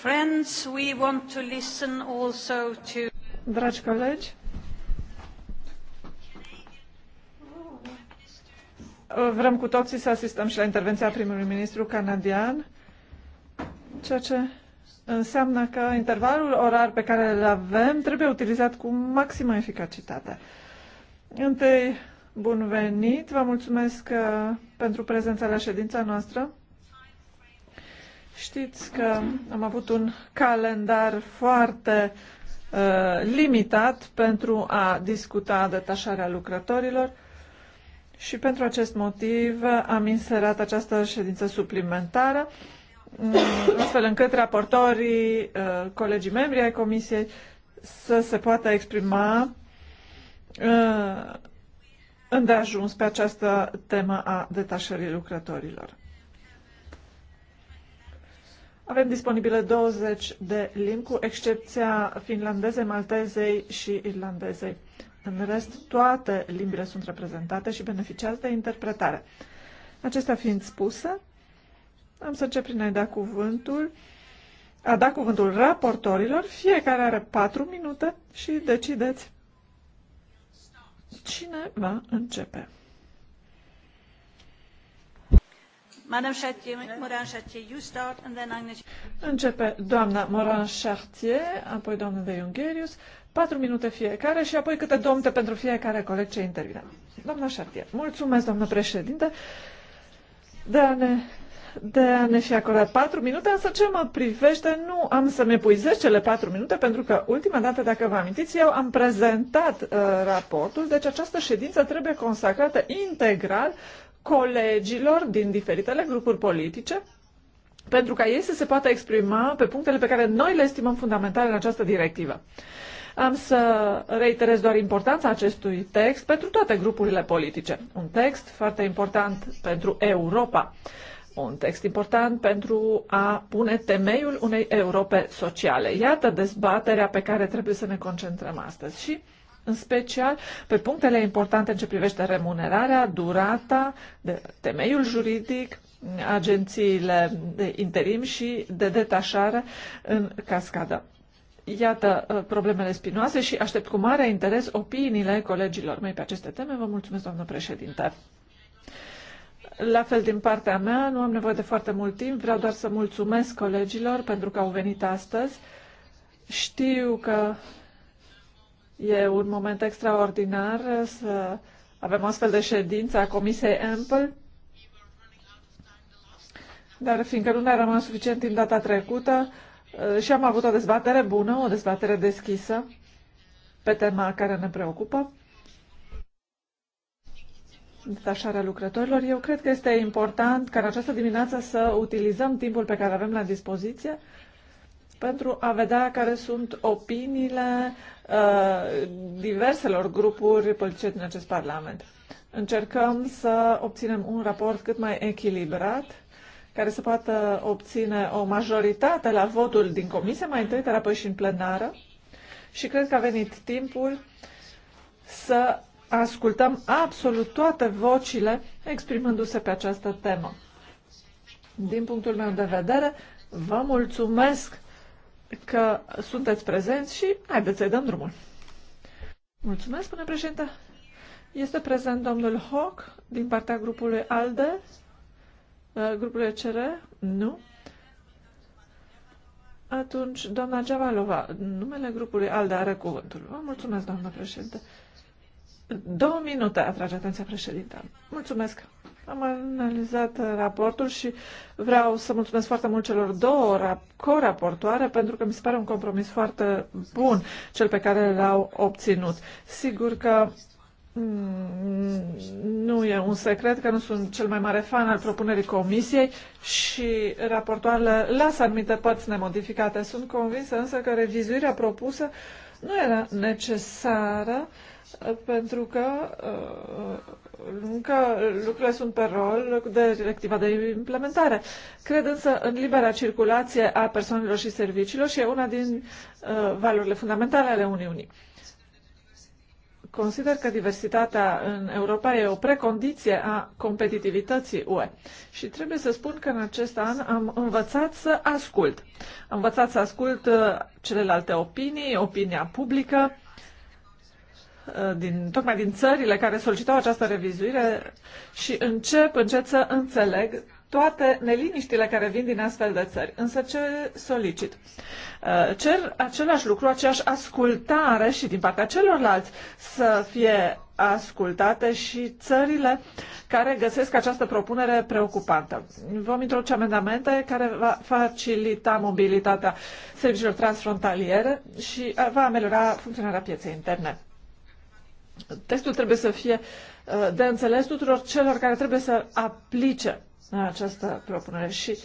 Friends, we want to listen also to... Dragi colegi, vrem cu toții să asistăm și la intervenția primului ministru canadian, ceea ce înseamnă că intervalul orar pe care îl avem trebuie utilizat cu maximă eficacitate. Întâi, bun venit, vă mulțumesc uh, pentru prezența la ședința noastră. Știți că am avut un calendar foarte uh, limitat pentru a discuta detașarea lucrătorilor și pentru acest motiv am inserat această ședință suplimentară, mm, astfel încât raportorii, uh, colegii membri ai Comisiei să se poată exprima uh, îndeajuns pe această temă a detașării lucrătorilor. Avem disponibile 20 de limbi, cu excepția finlandezei, maltezei și irlandezei. În rest, toate limbile sunt reprezentate și beneficiază de interpretare. Acestea fiind spuse, am să încep prin a da cuvântul, a da cuvântul raportorilor. Fiecare are 4 minute și decideți cine va începe. Începe doamna Moran Chartier, apoi doamna de Iungherius, patru minute fiecare și apoi câte domnte pentru fiecare coleg ce intervine. Doamna Chartier, mulțumesc, doamnă președinte, de a ne de a ne fi acordat patru minute, însă ce mă privește, nu am să-mi epuizez cele patru minute, pentru că ultima dată, dacă vă amintiți, eu am prezentat uh, raportul, deci această ședință trebuie consacrată integral colegilor din diferitele grupuri politice pentru ca ei să se poată exprima pe punctele pe care noi le estimăm fundamentale în această directivă. Am să reiterez doar importanța acestui text pentru toate grupurile politice. Un text foarte important pentru Europa, un text important pentru a pune temeiul unei Europe sociale. Iată dezbaterea pe care trebuie să ne concentrăm astăzi și în special pe punctele importante în ce privește remunerarea, durata, de temeiul juridic, agențiile de interim și de detașare în cascadă. Iată uh, problemele spinoase și aștept cu mare interes opiniile colegilor mei pe aceste teme. Vă mulțumesc, doamnă președinte. La fel din partea mea, nu am nevoie de foarte mult timp, vreau doar să mulțumesc colegilor pentru că au venit astăzi. Știu că E un moment extraordinar să avem astfel de ședință a Comisiei Ample, dar fiindcă nu ne-a rămas suficient timp data trecută eh, și am avut o dezbatere bună, o dezbatere deschisă pe tema care ne preocupă, detașarea lucrătorilor, eu cred că este important ca în această dimineață să utilizăm timpul pe care avem la dispoziție pentru a vedea care sunt opiniile Uh, diverselor grupuri politice din acest Parlament. Încercăm să obținem un raport cât mai echilibrat, care să poată obține o majoritate la votul din comisie, mai întâi, dar apoi și în plenară. Și cred că a venit timpul să ascultăm absolut toate vocile exprimându-se pe această temă. Din punctul meu de vedere, vă mulțumesc că sunteți prezenți și haideți să-i dăm drumul. Mulțumesc, până președinte. Este prezent domnul Hoc din partea grupului ALDE, uh, grupului ECR? Nu. Atunci, doamna Javalova. numele grupului ALDE are cuvântul. Vă mulțumesc, doamna președinte. Două minute atrage atenția președinte. Mulțumesc. Am analizat raportul și vreau să mulțumesc foarte mult celor două co-raportoare pentru că mi se pare un compromis foarte bun cel pe care l-au obținut. Sigur că mm, nu e un secret că nu sunt cel mai mare fan al propunerii comisiei și raportoarele lasă anumite părți nemodificate. Sunt convinsă însă că revizuirea propusă nu era necesară pentru că uh, încă lucrurile sunt pe rol de directiva de implementare. Cred însă în libera circulație a persoanelor și serviciilor și e una din uh, valorile fundamentale ale Uniunii. Consider că diversitatea în Europa e o precondiție a competitivității UE și trebuie să spun că în acest an am învățat să ascult. Am învățat să ascult uh, celelalte opinii, opinia publică, Uh, din, tocmai din țările care solicitau această revizuire și încep încet să înțeleg toate neliniștile care vin din astfel de țări. Însă ce solicit? Uh, cer același lucru, aceeași ascultare și din partea celorlalți să fie ascultate și țările care găsesc această propunere preocupantă. Vom introduce amendamente care va facilita mobilitatea serviciilor transfrontaliere și uh, va ameliora funcționarea pieței interne. Textul trebuie să fie uh, de înțeles tuturor celor care trebuie să aplice uh, această propunere și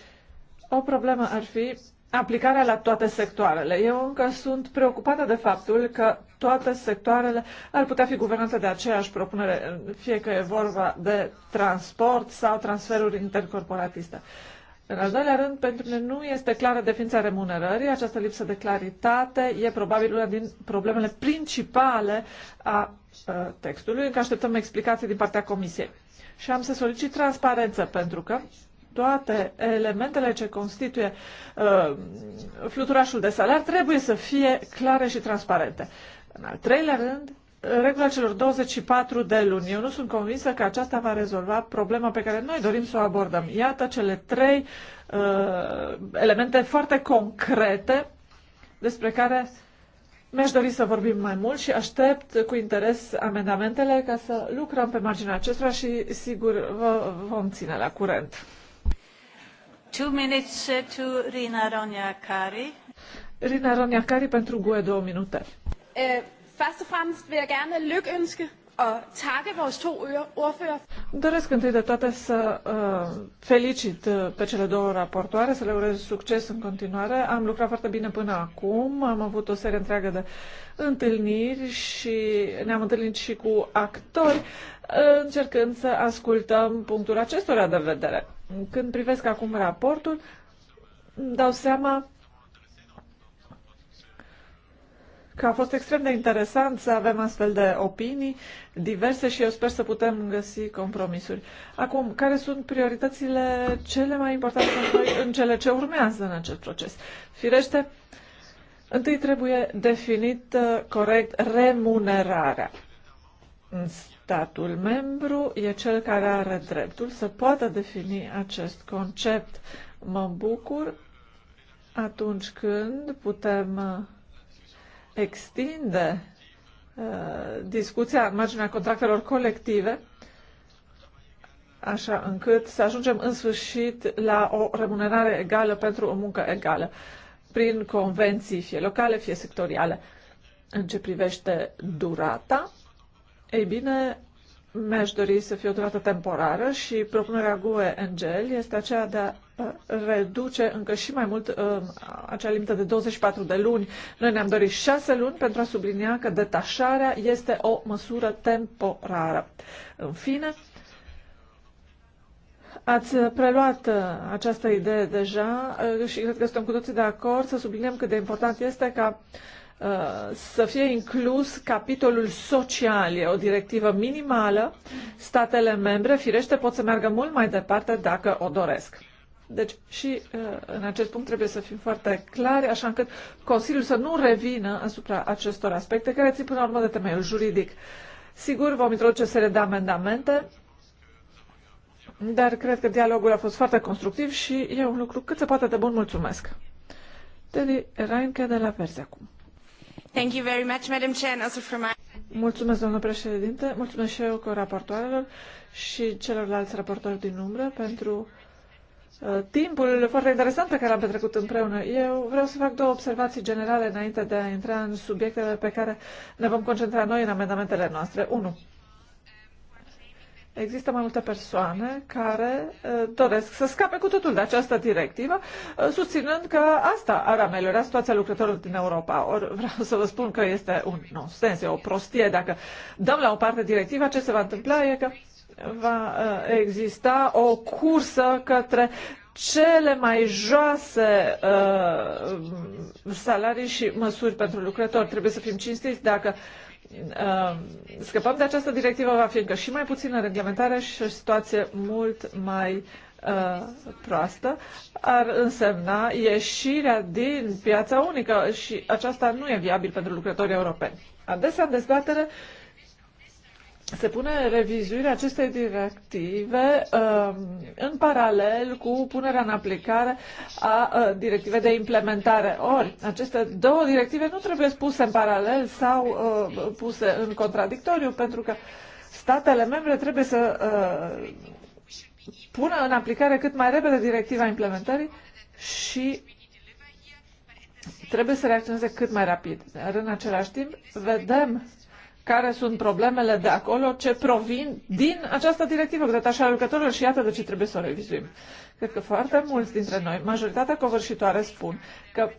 o problemă ar fi aplicarea la toate sectoarele. Eu încă sunt preocupată de faptul că toate sectoarele ar putea fi guvernate de aceeași propunere, fie că e vorba de transport sau transferuri intercorporatiste. În al doilea rând, pentru mine nu este clară definiția remunerării. Această lipsă de claritate e probabil una din problemele principale a Uh, textului, încă așteptăm explicații din partea Comisiei. Și am să solicit transparență, pentru că toate elementele ce constituie uh, fluturașul de salar trebuie să fie clare și transparente. În al treilea rând, regula celor 24 de luni. Eu nu sunt convinsă că aceasta va rezolva problema pe care noi dorim să o abordăm. Iată cele trei uh, elemente foarte concrete despre care mi-aș dori să vorbim mai mult și aștept cu interes amendamentele ca să lucrăm pe marginea acestora și sigur vă vom ține la curent. Two minutes uh, to Rina Ronia Rina Ronia pentru GUE două minute. Uh, først og fremmest vil jeg gerne Doresc întâi de toate să uh, felicit uh, pe cele două raportoare, să le urez succes în continuare. Am lucrat foarte bine până acum, am avut o serie întreagă de întâlniri și ne-am întâlnit și cu actori, uh, încercând să ascultăm punctul acestora de vedere. Când privesc acum raportul, dau seama că a fost extrem de interesant să avem astfel de opinii diverse și eu sper să putem găsi compromisuri. Acum, care sunt prioritățile cele mai importante pentru noi în cele ce urmează în acest proces? Firește, întâi trebuie definit uh, corect remunerarea. Statul membru e cel care are dreptul să poată defini acest concept. Mă bucur atunci când putem uh, extinde uh, discuția în marginea contractelor colective, așa încât să ajungem în sfârșit la o remunerare egală pentru o muncă egală, prin convenții fie locale, fie sectoriale. În ce privește durata, ei bine, mi-aș dori să fie o durată temporară și propunerea GUE-NGL este aceea de a reduce încă și mai mult uh, acea limită de 24 de luni. Noi ne-am dorit 6 luni pentru a sublinia că detașarea este o măsură temporară. În fine, ați preluat uh, această idee deja uh, și cred că suntem cu toții de acord să subliniem cât de important este ca uh, să fie inclus capitolul social. E o directivă minimală. Statele membre, firește, pot să meargă mult mai departe dacă o doresc. Deci și uh, în acest punct trebuie să fim foarte clari, așa încât Consiliul să nu revină asupra acestor aspecte care țin până la urmă de temeiul juridic. Sigur, vom introduce o serie de amendamente, dar cred că dialogul a fost foarte constructiv și e un lucru cât se poate de bun. Mulțumesc. Teddy Reinke de la Verzi acum. Thank you very much, Madam also my... Mulțumesc, doamnă președinte. Mulțumesc și eu cu raportoarelor și celorlalți raportori din umbră pentru Uh, timpul foarte interesant pe care l-am petrecut împreună. Eu vreau să fac două observații generale înainte de a intra în subiectele pe care ne vom concentra noi în amendamentele noastre. 1. Există mai multe persoane care uh, doresc să scape cu totul de această directivă, uh, susținând că asta ar ameliora situația lucrătorilor din Europa. Or, vreau să vă spun că este un nonsens, e o prostie. Dacă dăm la o parte directiva, ce se va întâmpla e că va eh, exista o cursă către cele mai joase uh, salarii și măsuri pentru lucrători. Trebuie să fim cinstiți dacă uh, scăpăm de această directivă, va fi încă și mai puțină reglementare și o situație mult mai uh, proastă. Ar însemna ieșirea din piața unică și aceasta nu e viabil pentru lucrătorii europeni. Adesea în dezbatere uh, se pune revizuirea acestei directive um, în paralel cu punerea în aplicare a uh, directivei de implementare. Ori, aceste două directive nu trebuie puse în paralel sau uh, puse în contradictoriu, pentru că statele membre trebuie să uh, pună în aplicare cât mai repede directiva implementării și trebuie să reacționeze cât mai rapid. Dar în același timp, vedem care sunt problemele de acolo, ce provin din această directivă cu detașarea lucrătorilor și iată de ce trebuie să o revizuim. Cred că foarte mulți dintre noi, majoritatea covârșitoare, spun că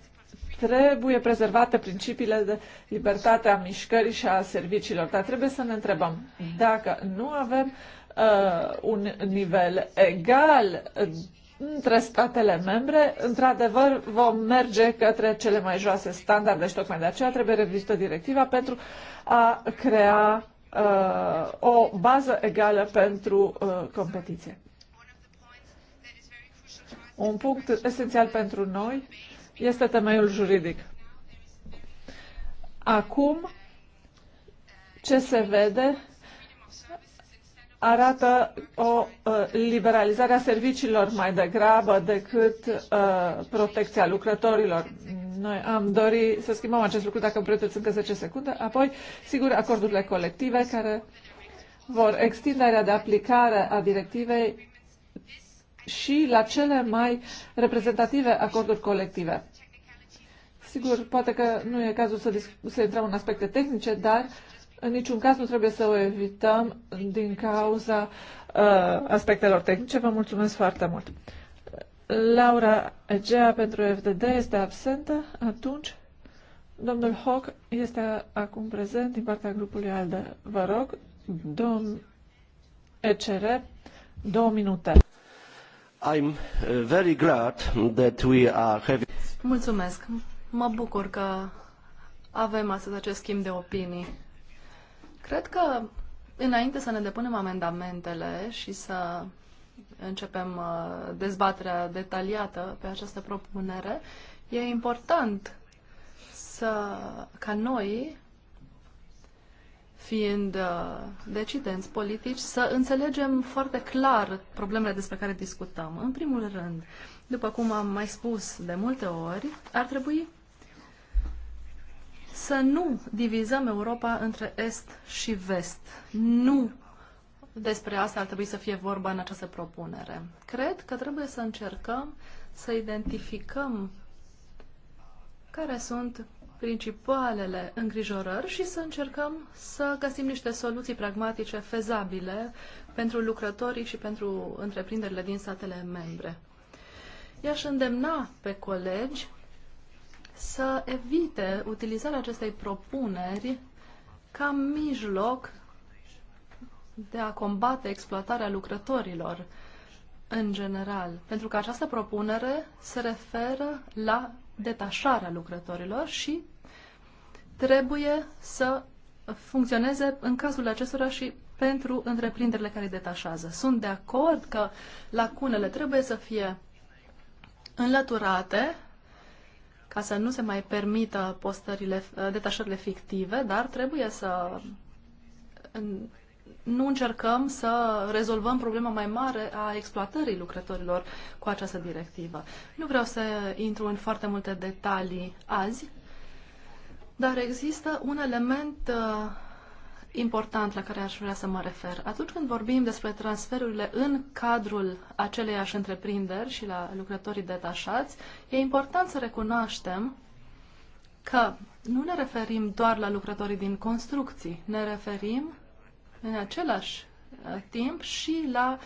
trebuie prezervate principiile de libertate a mișcării și a serviciilor, dar trebuie să ne întrebăm dacă nu avem uh, un nivel egal între statele membre, într-adevăr, vom merge către cele mai joase standarde și tocmai de aceea trebuie revizuită directiva pentru a crea uh, o bază egală pentru uh, competiție. Un punct esențial pentru noi este temeiul juridic. Acum, ce se vede arată o uh, liberalizare a serviciilor mai degrabă decât uh, protecția lucrătorilor. Noi am dori să schimbăm acest lucru dacă îmi preteți încă 10 secunde. Apoi, sigur, acordurile colective care vor extinderea de aplicare a directivei și la cele mai reprezentative acorduri colective. Sigur, poate că nu e cazul să, să intrăm în aspecte tehnice, dar uh, în niciun caz nu trebuie să o evităm din cauza uh, aspectelor tehnice. Vă mulțumesc foarte mult. Laura Egea pentru FDD este absentă. Atunci, domnul Hoc este acum prezent din partea grupului ALDE. Vă rog, domn ECR, două minute. I'm uh, very glad that we are having... Mulțumesc. Mă bucur că avem astăzi acest schimb de opinii. Cred că înainte să ne depunem amendamentele și să începem uh, dezbaterea detaliată pe această propunere, e important să, ca noi, fiind uh, decidenți politici, să înțelegem foarte clar problemele despre care discutăm. În primul rând, după cum am mai spus de multe ori, ar trebui să nu divizăm Europa între Est și Vest. Nu despre asta ar trebui să fie vorba în această propunere. Cred că trebuie să încercăm să identificăm care sunt principalele îngrijorări și să încercăm să găsim niște soluții pragmatice fezabile pentru lucrătorii și pentru întreprinderile din statele membre. I-aș îndemna pe colegi să evite utilizarea acestei propuneri ca mijloc de a combate exploatarea lucrătorilor în general, pentru că această propunere se referă la detașarea lucrătorilor și trebuie să funcționeze în cazul acestora și pentru întreprinderile care detașează. Sunt de acord că lacunele trebuie să fie înlăturate ca să nu se mai permită postările, eh, detașările fictive, dar trebuie să nu încercăm să rezolvăm problema mai mare a exploatării lucrătorilor cu această directivă. Nu vreau să intru în foarte multe detalii azi, dar există un element eh, important la care aș vrea să mă refer. Atunci când vorbim despre transferurile în cadrul aceleiași întreprinderi și la lucrătorii detașați, e important să recunoaștem că nu ne referim doar la lucrătorii din construcții, ne referim în același uh, timp și la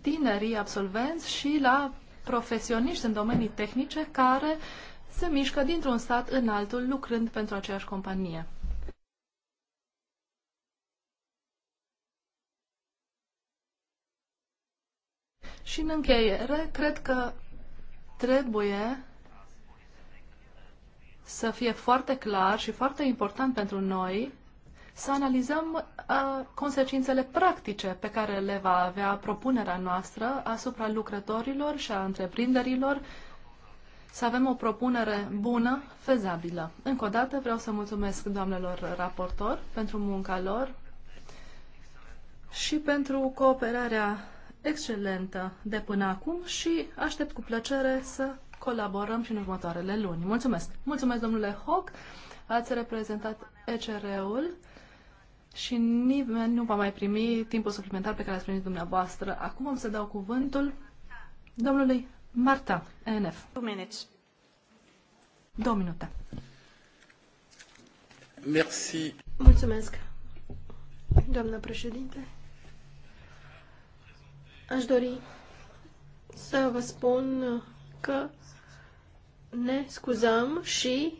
tinerii absolvenți și la profesioniști în domenii tehnice care se mișcă dintr-un stat în altul lucrând pentru aceeași companie. Și în încheiere, cred că trebuie să fie foarte clar și foarte important pentru noi să analizăm uh, consecințele practice pe care le va avea propunerea noastră asupra lucrătorilor și a întreprinderilor, să avem o propunere bună, fezabilă. Încă o dată vreau să mulțumesc doamnelor raportor pentru munca lor și pentru cooperarea excelentă de până acum și aștept cu plăcere să colaborăm și în următoarele luni. Mulțumesc! Mulțumesc, domnule Hoc! Ați reprezentat ECR-ul și nimeni nu va mai primi timpul suplimentar pe care l-ați primit dumneavoastră. Acum am să dau cuvântul domnului Marta, ENF. Două minute. Două minute. Merci. Mulțumesc, doamnă președinte. Aș dori să vă spun că ne scuzăm și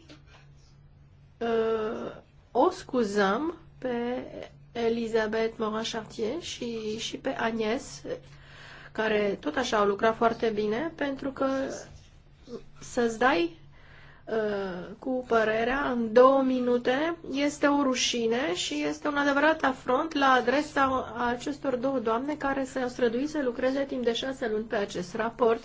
uh, o scuzăm pe Elisabeth Morin-Chartier și, și pe Agnès, care tot așa au lucrat foarte bine, pentru că să-ți dai Uh, cu părerea în două minute este o rușine și este un adevărat afront la adresa acestor două doamne care s-au străduit să lucreze timp de șase luni pe acest raport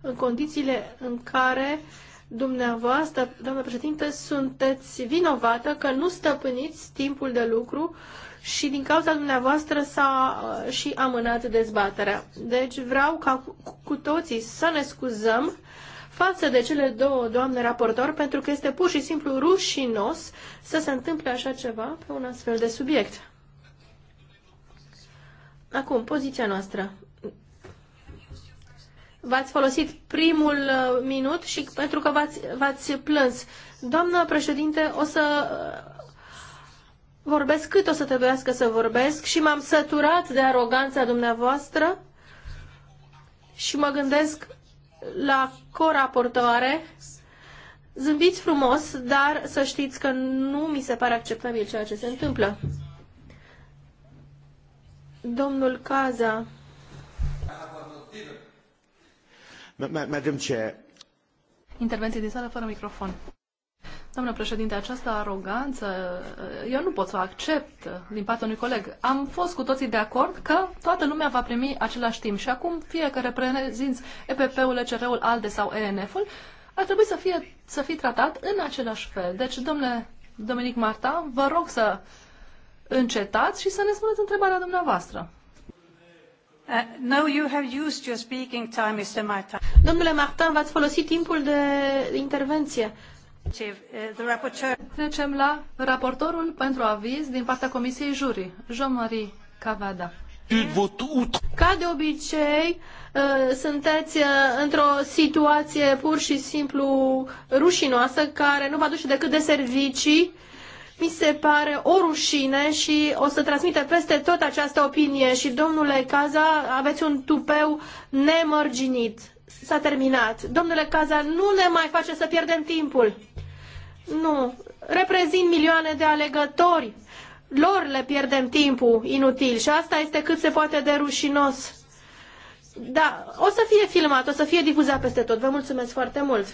în condițiile în care dumneavoastră, doamnă președinte, sunteți vinovată că nu stăpâniți timpul de lucru și din cauza dumneavoastră s-a uh, și amânat dezbaterea. Deci vreau ca cu toții să ne scuzăm față de cele două doamne raportor, pentru că este pur și simplu rușinos să se întâmple așa ceva pe un astfel de subiect. Acum, poziția noastră. V-ați folosit primul uh, minut și pentru că v-ați, plâns. Doamnă președinte, o să uh, vorbesc cât o să trebuiască să vorbesc și m-am săturat de aroganța dumneavoastră și mă gândesc la coraportoare. Zâmbiți frumos, dar să știți că nu mi se pare acceptabil ceea ce se întâmplă. Domnul Caza. Madam Chair. Intervenție din sală fără microfon. Doamnă președinte, această aroganță, eu nu pot să o accept din partea unui coleg. Am fost cu toții de acord că toată lumea va primi același timp și acum fie că reprezinți EPP-ul, ECR-ul, ALDE sau ENF-ul, ar trebui să fie să fi tratat în același fel. Deci, domnule Dominic Marta, vă rog să încetați și să ne spuneți întrebarea dumneavoastră. Uh, no, you have used your speaking time, Mr. Martin. Domnule Martin, v-ați folosit timpul de intervenție. Trecem la raportorul pentru aviz din partea Comisiei Jurii, Jean-Marie Cavada. Ca de obicei, ă, sunteți ă, într-o situație pur și simplu rușinoasă, care nu vă aduce decât de servicii. Mi se pare o rușine și o să transmite peste tot această opinie. Și, domnule Caza, aveți un tupeu nemărginit. S-a terminat. Domnule Caza, nu ne mai face să pierdem timpul. Nu. Reprezint milioane de alegători. Lor le pierdem timpul inutil și asta este cât se poate de rușinos. Da, o să fie filmat, o să fie difuzat peste tot. Vă mulțumesc foarte mult.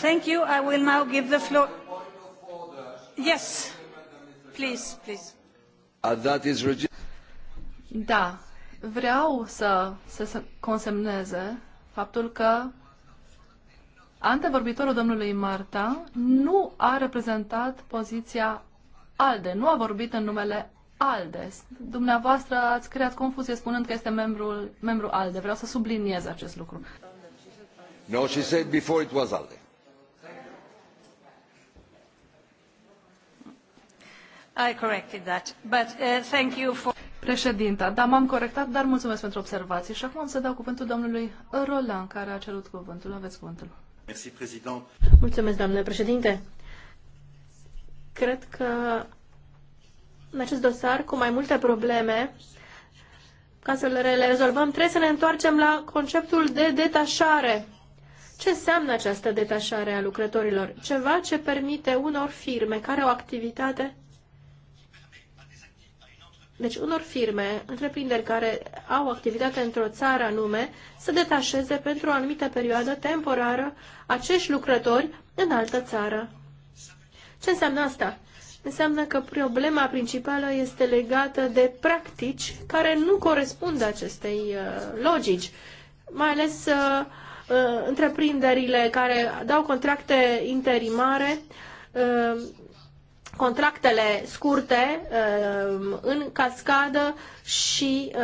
Thank you. I will now give the floor. Yes, please, please. Uh, that is da, vreau să, să, să consemneze faptul că antevorbitorul domnului Marta nu a reprezentat poziția ALDE, nu a vorbit în numele ALDE. Dumneavoastră ați creat confuzie spunând că este membrul, membru ALDE. Vreau să subliniez acest lucru. No, she said before it was ALDE. I corrected that, but uh, thank you for... Președinta, da, m-am corectat, dar mulțumesc pentru observații. Și acum am să dau cuvântul domnului Roland, care a cerut cuvântul. Aveți cuvântul. Merci, president. Mulțumesc, domnule președinte. Cred că în acest dosar, cu mai multe probleme, ca să le rezolvăm, trebuie să ne întoarcem la conceptul de detașare. Ce înseamnă această detașare a lucrătorilor? Ceva ce permite unor firme care au activitate deci unor firme, întreprinderi care au activitate într-o țară anume, să detașeze pentru o anumită perioadă temporară acești lucrători în altă țară. Ce înseamnă asta? Înseamnă că problema principală este legată de practici care nu corespund acestei uh, logici, mai ales uh, uh, întreprinderile care dau contracte interimare contractele scurte uh, în cascadă și uh,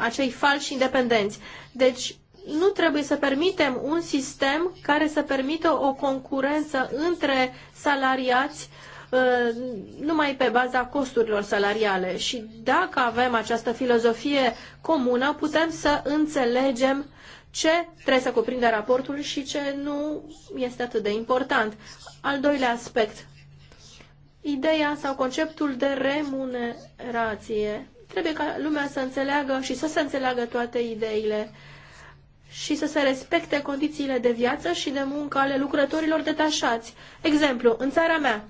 acei falși independenți. Deci nu trebuie să permitem un sistem care să permită o concurență între salariați uh, numai pe baza costurilor salariale. Și dacă avem această filozofie comună, putem să înțelegem ce trebuie să cuprinde raportul și ce nu este atât de important. Al doilea aspect, ideea sau conceptul de remunerație. Trebuie ca lumea să înțeleagă și să se înțeleagă toate ideile și să se respecte condițiile de viață și de muncă ale lucrătorilor detașați. Exemplu, în țara mea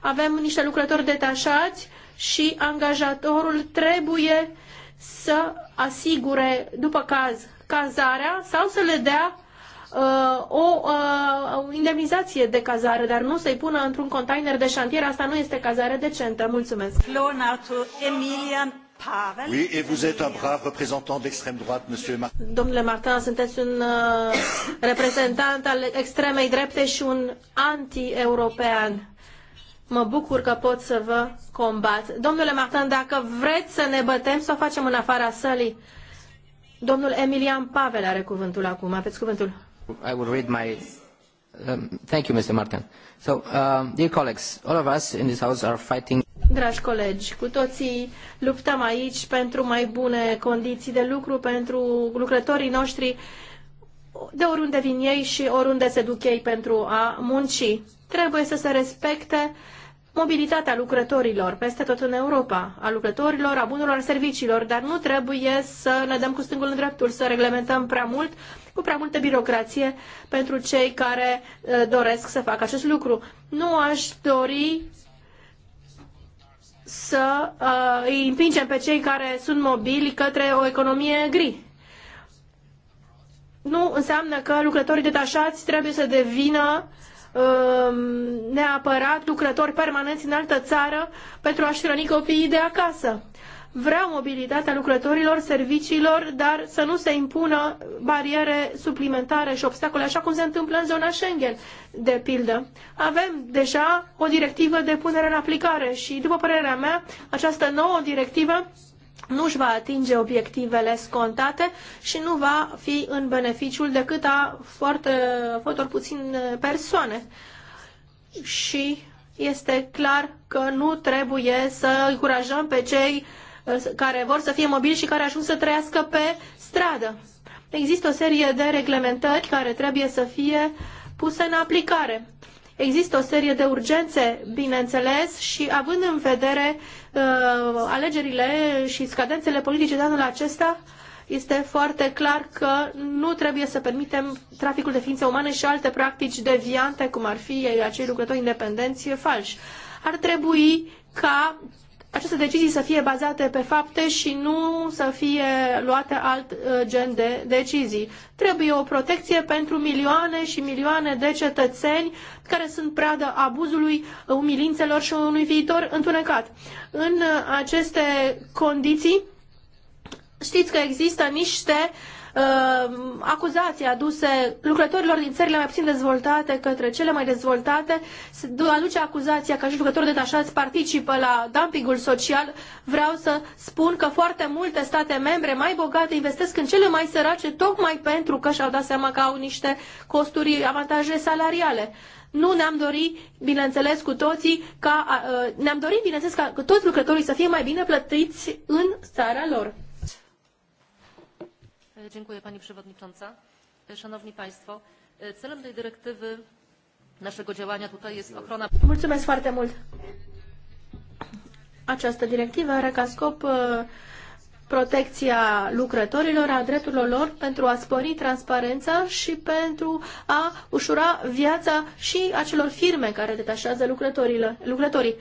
avem niște lucrători detașați și angajatorul trebuie să asigure, după caz, cazarea sau să le dea Uh, uh, o indemnizație de cazare, dar nu să-i pună într-un container de șantier. Asta nu este cazare decentă. Mulțumesc. Oui, et vous êtes un brave représentant d'extrême droite, monsieur Martin. Domnule Martin, sunteți un uh, reprezentant al extremei drepte și un anti-european. Mă bucur că pot să vă combat. Domnule Martin, dacă vreți să ne bătem, să o facem în afara sălii. Domnul Emilian Pavel are cuvântul acum. Aveți cuvântul. I will read my... Um, thank you, Mr. Martin. So, uh, dear colleagues, all of us in this house are fighting... Dragi colegi, cu toții luptăm aici pentru mai bune condiții de lucru pentru lucrătorii noștri de oriunde vin ei și oriunde se duc ei pentru a munci. Trebuie să se respecte uh, mobilitatea lucrătorilor peste tot în Europa, a lucrătorilor, a bunurilor, serviciilor, dar nu trebuie să ne dăm cu stângul în dreptul, să reglementăm prea mult, cu prea multă birocrație pentru cei care doresc să facă acest lucru. Nu aș dori să uh, îi împingem pe cei care sunt mobili către o economie gri. Nu înseamnă că lucrătorii detașați trebuie să devină uh, Um, neapărat lucrători permanenți în altă țară pentru a-și hrăni copiii de acasă. Vreau mobilitatea lucrătorilor, serviciilor, dar să nu se impună bariere suplimentare și obstacole, așa cum se întâmplă în zona Schengen, de pildă. Avem deja o directivă de punere în aplicare și, după părerea mea, această nouă directivă nu își va atinge obiectivele scontate și nu va fi în beneficiul decât a foarte, foarte puțin persoane. Și este clar că nu trebuie să încurajăm pe cei uh, care vor să fie mobili și care ajung să trăiască pe stradă. Există o serie de reglementări care trebuie să fie puse în aplicare. Există o serie de urgențe, bineînțeles, și având în vedere uh, alegerile și scadențele politice de anul acesta, este foarte clar că nu trebuie să permitem traficul de ființe umane și alte practici deviante, cum ar fi acei lucrători independenți falși. Ar trebui ca aceste decizii să fie bazate pe fapte și nu să fie luate alt uh, gen de decizii. Trebuie o protecție pentru milioane și milioane de cetățeni care sunt pradă abuzului, umilințelor și unui viitor întunecat. În uh, aceste condiții, știți că există niște uh, uh, acuzații aduse lucrătorilor din țările mai puțin dezvoltate către cele mai dezvoltate, se aduce acuzația că și lucrători detașați participă la dumpingul social. Vreau să spun că foarte multe state membre mai bogate investesc în cele mai sărace tocmai pentru că și-au dat seama că au niște costuri avantaje salariale. Nu ne-am dorit, bineînțeles, cu toții, ca, ne-am dorit, bineînțeles, ca toți lucrătorii să fie mai bine plătiți în țara lor. Dziękuję Pani Przewodnicząca. Szanowni Państwo, celem tej dyrektywy naszego działania tutaj jest ochrona... Mulțumesc foarte mult! Această directivă are ca scop protecția lucrătorilor, a drepturilor lor pentru a spori transparența și pentru a ușura viața și acelor firme care detașează lucrătorii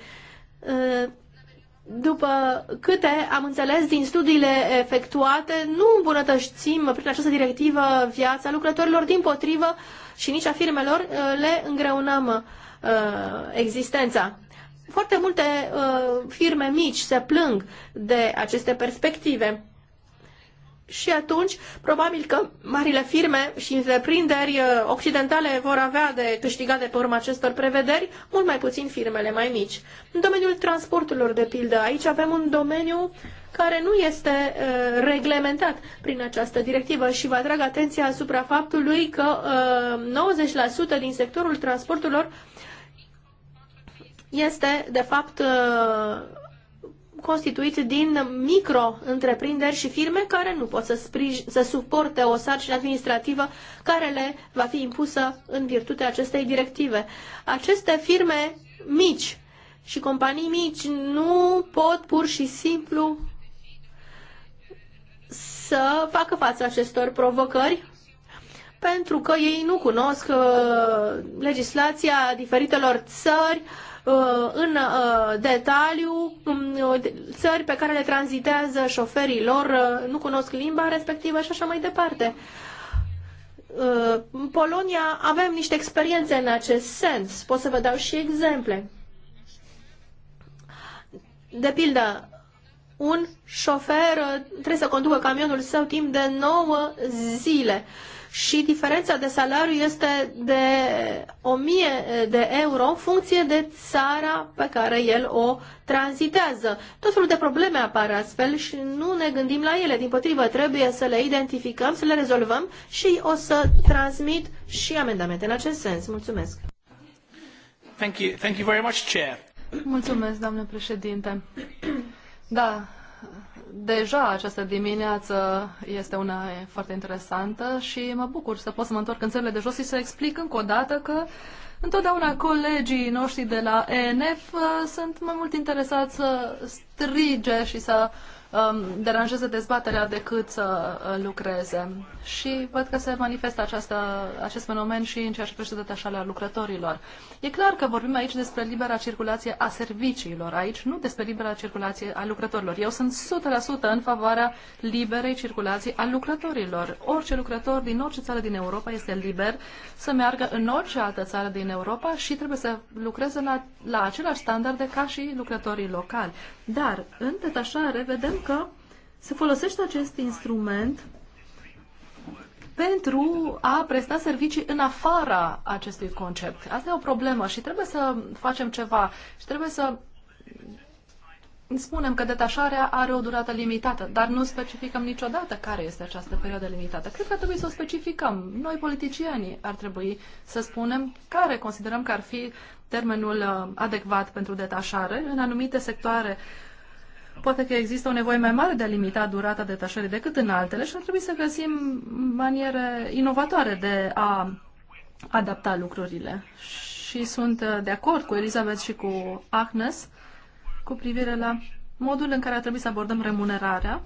după câte am înțeles din studiile efectuate, nu îmbunătățim prin această directivă viața lucrătorilor, din potrivă și nici a firmelor uh, le îngreunăm uh, existența. Foarte multe uh, firme mici se plâng de aceste perspective și atunci probabil că marile firme și întreprinderi uh, occidentale vor avea de câștigat de pe urma acestor prevederi, mult mai puțin firmele mai mici. În domeniul transporturilor, de pildă, aici avem un domeniu care nu este uh, reglementat prin această directivă și vă atrag atenția asupra faptului că uh, 90% din sectorul transporturilor este, de fapt, uh, constituit din micro-întreprinderi și firme care nu pot să, sprij- să suporte o sarcină administrativă care le va fi impusă în virtutea acestei directive. Aceste firme mici și companii mici nu pot pur și simplu să facă față acestor provocări pentru că ei nu cunosc uh, legislația diferitelor țări, uh, Uh, în uh, detaliu um, țări pe care le tranzitează șoferii lor, uh, nu cunosc limba respectivă și așa mai departe. În Polonia avem niște experiențe în acest sens. Pot să vă dau și exemple. De pildă, un șofer trebuie să conducă camionul său timp de 9 zile. Uh, și diferența de salariu este de 1000 de euro în funcție de țara pe care el o tranzitează. Tot felul de probleme apar astfel și nu ne gândim la ele. Din potrivă, trebuie să le identificăm, să le rezolvăm și o să transmit și amendamente în acest sens. Mulțumesc! Thank you. Thank you very much, Chair. Mulțumesc, doamnă președinte. Da, deja această dimineață este una foarte interesantă și mă bucur să pot să mă întorc în țările de jos și să explic încă o dată că întotdeauna colegii noștri de la ENF uh, sunt mai mult interesați să strige și să uh, Um, deranjeze dezbaterea decât să uh, lucreze. Și văd că se manifestă această, acest fenomen și în ceea ce privește detașarea lucrătorilor. E clar că vorbim aici despre libera circulație a serviciilor, aici nu despre libera circulație a lucrătorilor. Eu sunt 100% în favoarea liberei circulații a lucrătorilor. Orice lucrător din orice țară din Europa este liber să meargă în orice altă țară din Europa și trebuie să lucreze la, la același standarde ca și lucrătorii locali. Dar în detașare vedem că se folosește acest instrument pentru a presta servicii în afara acestui concept. Asta e o problemă și trebuie să facem ceva și trebuie să spunem că detașarea are o durată limitată, dar nu specificăm niciodată care este această perioadă limitată. Cred că trebuie să o specificăm. Noi, politicienii, ar trebui să spunem care considerăm că ar fi termenul uh, adecvat pentru detașare în anumite sectoare poate că există o nevoie mai mare de a limita durata detașării decât în altele și ar trebui să găsim maniere inovatoare de a adapta lucrurile. Și sunt uh, de acord cu Elizabeth și cu Agnes cu privire la modul în care ar trebui să abordăm remunerarea.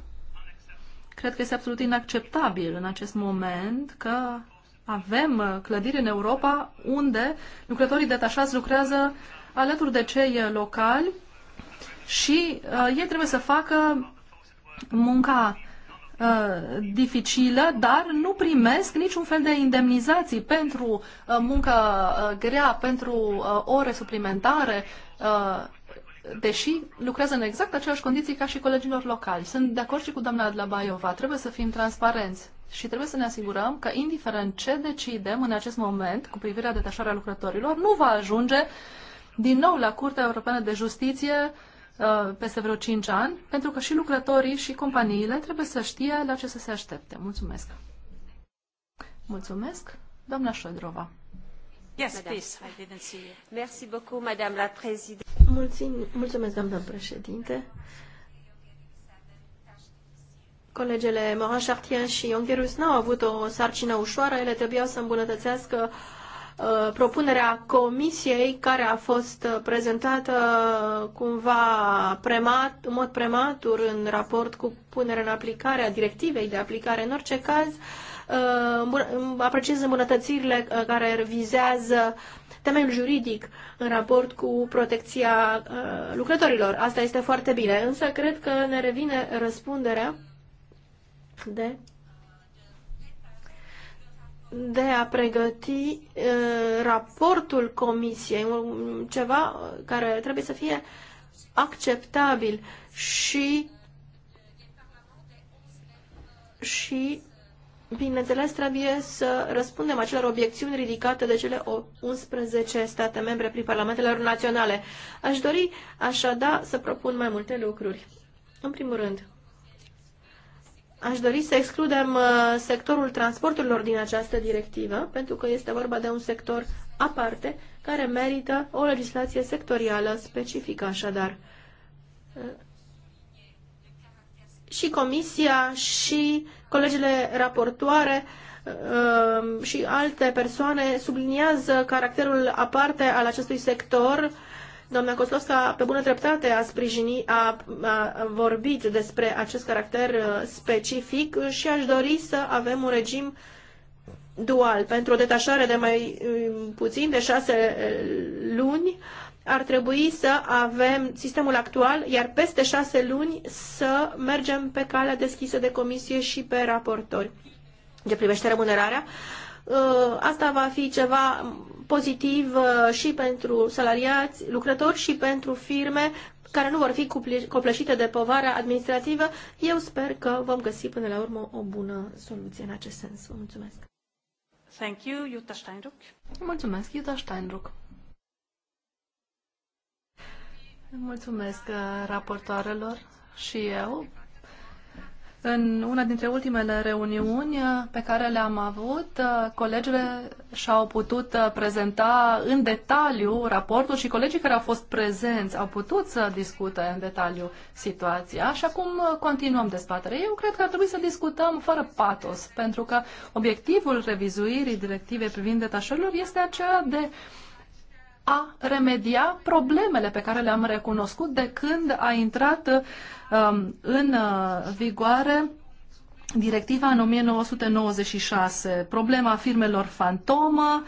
Cred că este absolut inacceptabil în acest moment că avem clădiri în Europa unde lucrătorii detașați lucrează alături de cei locali și uh, ei trebuie să facă munca uh, dificilă, dar nu primesc niciun fel de indemnizații pentru uh, muncă uh, grea, pentru uh, ore suplimentare. Uh, deși lucrează în exact aceleași condiții ca și colegilor locali. Sunt de acord și cu doamna Baiova, trebuie să fim transparenți și trebuie să ne asigurăm că, indiferent ce decidem în acest moment cu privire la detașarea lucrătorilor, nu va ajunge din nou la Curtea Europeană de Justiție uh, peste vreo 5 ani, pentru că și lucrătorii și companiile trebuie să știe la ce să se aștepte. Mulțumesc! Mulțumesc, doamna Șodrova. Yes, please. I didn't see you. Merci beaucoup, Madame la Présidente. Mulțumim, mulțumesc, doamnă președinte. Colegele Moran Chartier și Ongherus n-au avut o sarcină ușoară, ele trebuiau să îmbunătățească uh, propunerea comisiei care a fost uh, prezentată uh, cumva premat, în mod prematur în raport cu punerea în aplicare a directivei de aplicare. În orice caz, uh, Uh, apreciez îmbunătățirile uh, care vizează temeiul juridic în raport cu protecția uh, lucrătorilor. Asta este foarte bine, însă cred că ne revine răspunderea de de a pregăti uh, raportul comisiei, ceva care trebuie să fie acceptabil și și bineînțeles, trebuie să răspundem acelor obiecțiuni ridicate de cele 11 state membre prin parlamentelor naționale. Aș dori, așadar, să propun mai multe lucruri. În primul rând, aș dori să excludem uh, sectorul transporturilor din această directivă, pentru că este vorba de un sector aparte care merită o legislație sectorială specifică, așadar. Uh, și Comisia și uh, colegele raportoare uh, și alte persoane subliniază caracterul aparte al acestui sector. Doamna Costosca, pe bună dreptate, a, sprijini, a, a vorbit despre acest caracter uh, specific și aș dori să avem un regim dual pentru o detașare de mai uh, puțin de șase luni ar trebui să avem sistemul actual, iar peste șase luni să mergem pe calea deschisă de comisie și pe raportori. De privește remunerarea, ă, asta va fi ceva pozitiv ă, și pentru salariați, lucrători și pentru firme care nu vor fi copleșite de povara administrativă. Eu sper că vom găsi până la urmă o bună soluție în acest sens. Vă mulțumesc! Thank you, Jutta Steinruck. Mulțumesc, Jutta Steinruck. Mulțumesc uh, raportoarelor și eu. În una dintre ultimele reuniuni uh, pe care le-am avut, uh, colegele și-au putut prezenta în detaliu raportul și colegii care au fost prezenți au putut să discute în detaliu situația și acum continuăm dezbaterea. Eu cred că ar trebui să discutăm fără patos, pentru că obiectivul revizuirii directivei privind detașărilor este acela de a remedia problemele pe care le-am recunoscut de când a intrat um, în uh, vigoare directiva în 1996, problema firmelor fantomă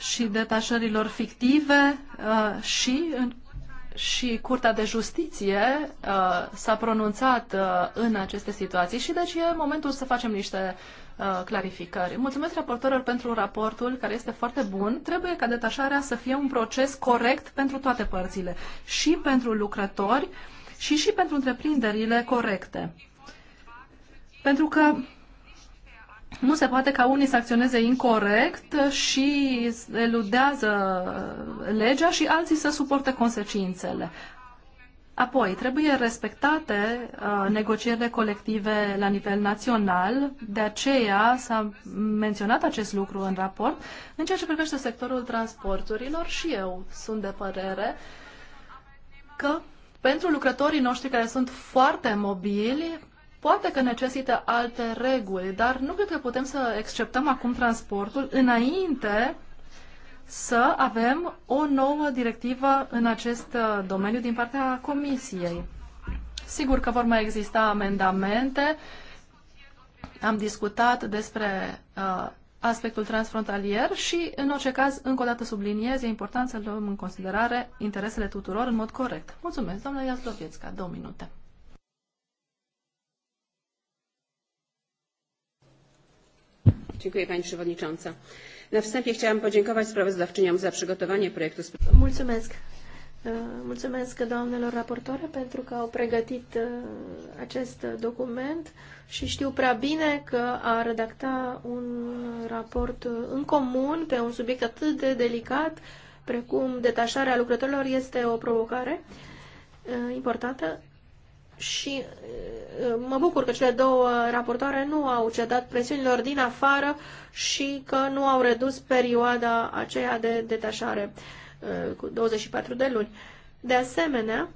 și detașărilor fictive uh, și și Curtea de Justiție uh, s-a pronunțat uh, în aceste situații și deci e momentul să facem niște Uh, clarificări. Mulțumesc raportorilor pentru raportul, care este foarte bun. Trebuie ca detașarea să fie un proces corect pentru toate părțile, și pentru lucrători, și și pentru întreprinderile corecte. Pentru că nu se poate ca unii să acționeze incorrect și eludează legea și alții să suporte consecințele. Apoi, trebuie respectate uh, negocierile colective la nivel național, de aceea s-a menționat acest lucru în raport. În ceea ce privește sectorul transporturilor, și eu sunt de părere că pentru lucrătorii noștri care sunt foarte mobili, poate că necesită alte reguli, dar nu cred că putem să acceptăm acum transportul înainte să avem o nouă directivă în acest uh, domeniu din partea Comisiei. Sigur că vor mai exista amendamente. Am discutat despre uh, aspectul transfrontalier și, în orice caz, încă o dată subliniez, e important să luăm în considerare interesele tuturor în mod corect. Mulțumesc, doamna Iazlovietska. Două minute. Dziękuję Pani Przewodnicząca. Na wstępie chciałam podziękować sprawozdawczyniom za przygotowanie projektu. Mulțumesc! Mulțumesc doamnelor raportoare pentru că au pregătit acest document și știu prea bine că a redacta un raport în comun pe un subiect atât de delicat precum detașarea lucrătorilor este o provocare importantă și mă bucur că cele două raportoare nu au cedat presiunilor din afară și că nu au redus perioada aceea de detașare cu 24 de luni. De asemenea,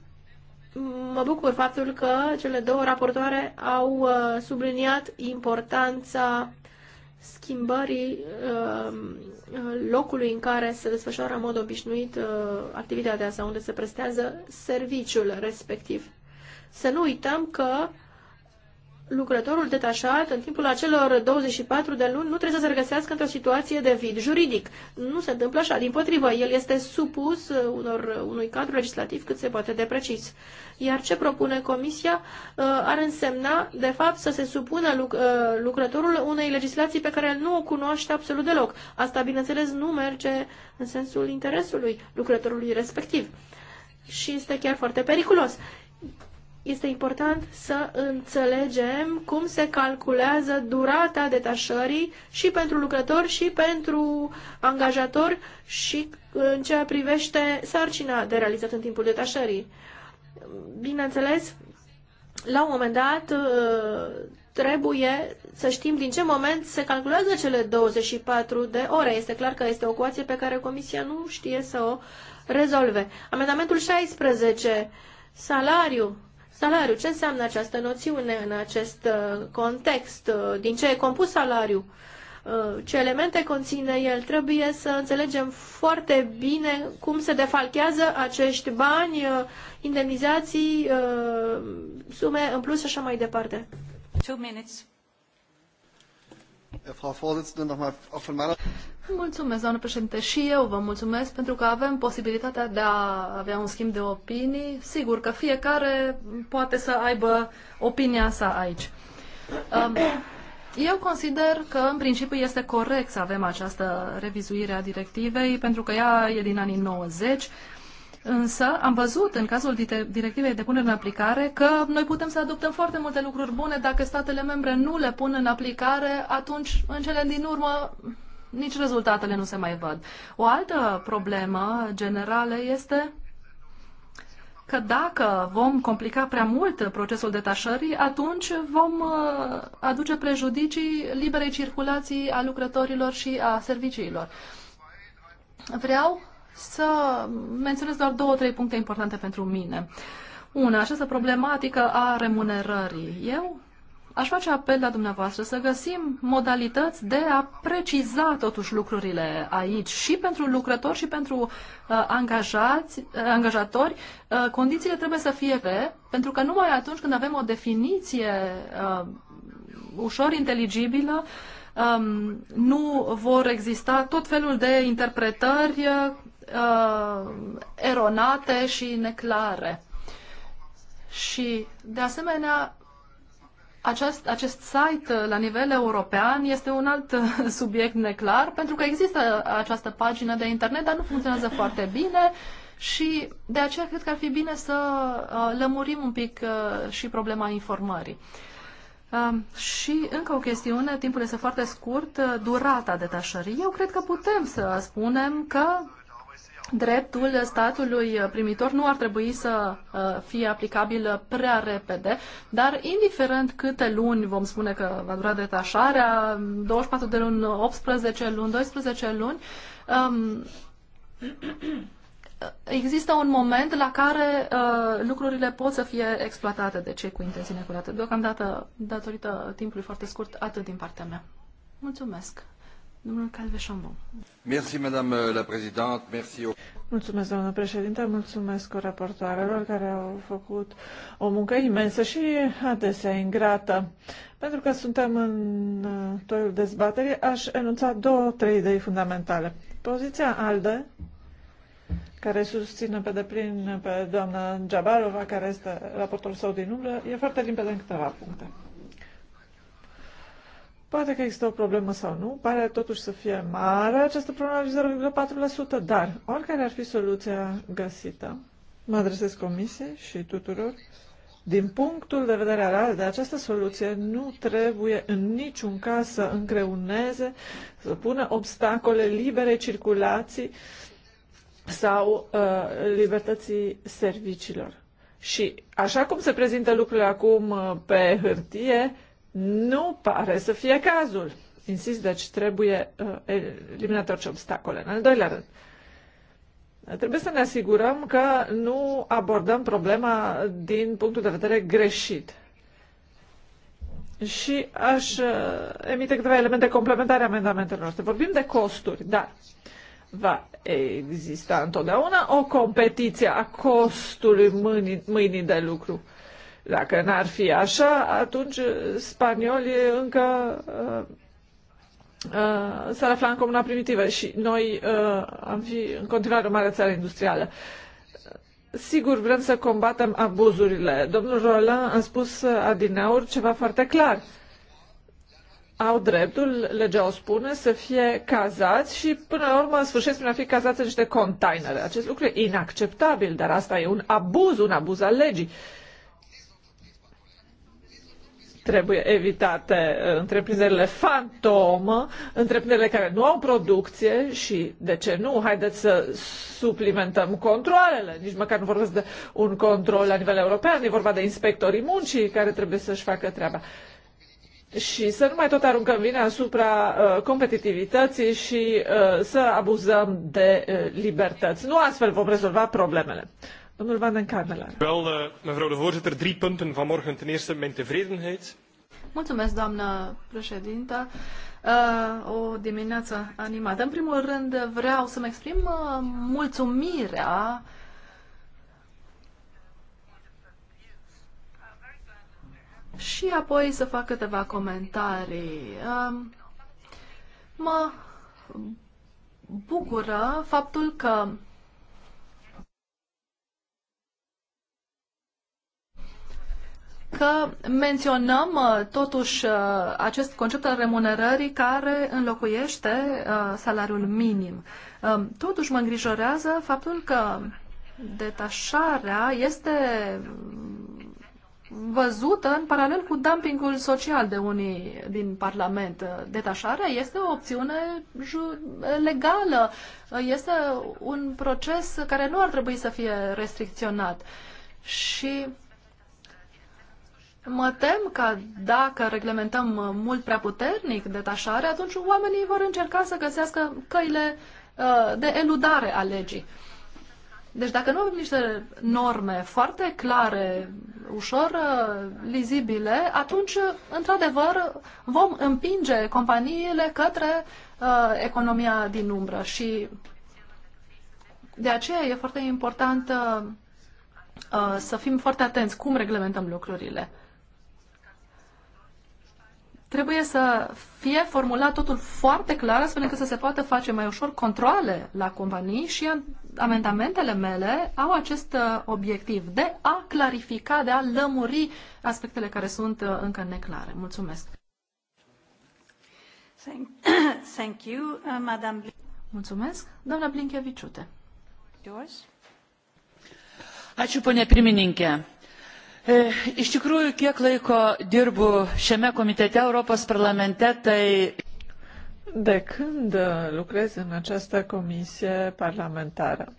mă bucur faptul că cele două raportoare au subliniat importanța schimbării locului în care se desfășoară în mod obișnuit activitatea sau unde se prestează serviciul respectiv. Să nu uităm că lucrătorul detașat în timpul acelor 24 de luni nu trebuie să se regăsească într-o situație de vid juridic. Nu se întâmplă așa. Din potrivă, el este supus uh, unor, uh, unui cadru legislativ cât se poate de precis. Iar ce propune Comisia uh, ar însemna, de fapt, să se supună lucrătorul unei legislații pe care el nu o cunoaște absolut deloc. Asta, bineînțeles, nu merge în sensul interesului lucrătorului respectiv. Și este chiar foarte periculos este important să înțelegem cum se calculează durata detașării și pentru lucrători și pentru angajatori și în ceea privește sarcina de realizat în timpul detașării. Bineînțeles, la un moment dat uh, trebuie să știm din ce moment se calculează cele 24 de ore. Este clar că este o ecuație pe care Comisia nu știe să o rezolve. Amendamentul 16, salariu salariu. Ce înseamnă această noțiune în acest uh, context? Uh, din ce e compus salariul? Uh, ce elemente conține el? Trebuie să înțelegem foarte bine cum se defalchează acești bani, indemnizații, sume în plus și așa mai departe. Two minutes. Frau Vorsitzende, nochmal auch von meiner Mulțumesc, doamnă președinte. Și eu vă mulțumesc pentru că avem posibilitatea de a avea un schimb de opinii. Sigur că fiecare poate să aibă opinia sa aici. Um, eu consider că, în principiu, este corect să avem această revizuire a directivei, pentru că ea e din anii 90. Însă am văzut în cazul directivei de punere în aplicare că noi putem să adoptăm foarte multe lucruri bune dacă statele membre nu le pun în aplicare, atunci în cele din urmă nici rezultatele nu se mai văd. O altă problemă generală este că dacă vom complica prea mult procesul detașării, atunci vom uh, aduce prejudicii liberei circulații a lucrătorilor și a serviciilor. Vreau să menționez doar două, trei puncte importante pentru mine. Una, această problematică a remunerării. Eu Aș face apel la dumneavoastră să găsim modalități de a preciza totuși lucrurile aici și pentru lucrători și pentru uh, angajați, uh, angajatori. Uh, condițiile trebuie să fie pe, pentru că numai atunci când avem o definiție uh, ușor inteligibilă, um, nu vor exista tot felul de interpretări uh, eronate și neclare. Și, de asemenea, acest, acest site uh, la nivel european este un alt uh, subiect neclar, pentru că există uh, această pagină de internet, dar nu funcționează foarte bine și de aceea cred că ar fi bine să lămurim un pic și problema informării. Um, și încă o chestiune, timpul este foarte scurt, durata detașării. Eu cred că putem să spunem că dreptul statului primitor nu ar trebui să uh, fie aplicabil prea repede, dar indiferent câte luni vom spune că va dura detașarea, 24 de luni, 18 luni, 12 luni, um, există un moment la care uh, lucrurile pot să fie exploatate de cei cu intenții neculate. Deocamdată, datorită timpului foarte scurt, atât din partea mea. Mulțumesc! Mulțumesc, doamnă președinte, mulțumesc raportoarelor care au făcut o muncă imensă și adesea ingrată. Pentru că suntem în toiul dezbaterii, aș enunța două, trei idei fundamentale. Poziția ALDE, care susține pe deplin pe doamna Jabarova, care este raportorul său din umbră, e foarte limpede în câteva puncte. Poate că există o problemă sau nu, pare totuși să fie mare această problemă de 0,4%, dar oricare ar fi soluția găsită, mă adresez comisiei și tuturor, din punctul de vedere al de această soluție nu trebuie în niciun caz să încreuneze, să pună obstacole libere circulații sau uh, libertății serviciilor. Și așa cum se prezintă lucrurile acum uh, pe hârtie, uh, nu pare să fie cazul. Insist, deci trebuie uh, eliminate orice obstacole. În al doilea rând, trebuie să ne asigurăm că nu abordăm problema din punctul de vedere greșit. Și aș uh, emite câteva elemente complementare amendamentelor noastre. Vorbim de costuri, dar va exista întotdeauna o competiție a costului mâinii, mâinii de lucru. Uh, dacă n-ar fi așa, atunci spaniolii încă uh, uh, s-ar afla în comuna primitivă și noi uh, am fi în continuare o mare țară industrială. Sigur, vrem să combatem abuzurile. Domnul Roland a spus uh, adineauri ceva foarte clar. Au dreptul, legea o spune, să fie cazați și până la urmă sfârșesc prin a fi cazați în niște containere. Acest lucru e inacceptabil, dar asta e un abuz, un abuz al legii. Uh, Trebuie evitate uh, întreprinderile fantomă, întreprinderile care nu au producție și, de ce nu, haideți să suplimentăm controlele. Nici măcar nu vorbesc de un control la nivel european, e vorba de inspectorii muncii care trebuie să-și facă treaba și să nu mai tot aruncăm vina asupra uh, competitivității și uh, să abuzăm de uh, libertăți. Nu astfel vom rezolva problemele. Domnul Van den Kandelaar. Wel, eh, mevrouw de voorzitter, drie punten vanmorgen. Ten eerste mijn tevredenheid. Mulțumesc, doamnă președintă. Eh, o dimineață animată. În primul rând, vreau să-mi exprim eh, mulțumirea și apoi să fac câteva comentarii. Mă bucură faptul că că menționăm uh, totuși uh, acest concept al remunerării care înlocuiește uh, salariul minim. Um, totuși mă îngrijorează faptul că detașarea este mm, văzută în paralel cu dumpingul social de unii din Parlament. Detașarea este o opțiune legală, este un proces care nu ar trebui să fie restricționat. Și Mă tem că dacă reglementăm uh, mult prea puternic detașarea, atunci oamenii vor încerca să găsească căile uh, de eludare a legii. Deci dacă nu avem niște norme foarte clare, ușor uh, lizibile, atunci, într-adevăr, vom împinge companiile către uh, economia din umbră. Și de aceea e foarte important uh, să fim foarte atenți cum reglementăm lucrurile trebuie să fie formulat totul foarte clar, astfel încât să se poată face mai ușor controle la companii și amendamentele mele au acest uh, obiectiv de a clarifica, de a lămuri aspectele care sunt uh, încă neclare. Mulțumesc! Thank you, uh, Madam Mulțumesc. Doamna Blinkeviciute. Yours. Ačiū, ponė pirmininkė Iš tikrųjų, kiek laiko dirbu šiame komitete Europos parlamente, tai... De când lucrez în această comisie parlamentară?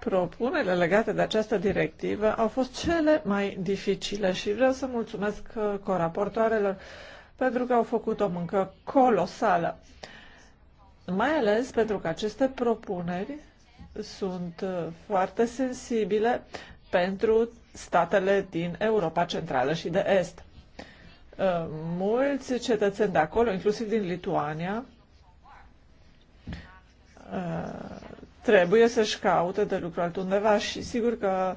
Propunerile legate de această directivă au fost cele mai dificile și vreau să mulțumesc uh, coraportoarelor pentru că au făcut o muncă colosală. Mai ales pentru că aceste propuneri sunt uh, foarte sensibile pentru statele din Europa Centrală și de Est. Uh, mulți cetățeni de acolo, inclusiv din Lituania, uh, trebuie să-și caute de lucru altundeva și sigur că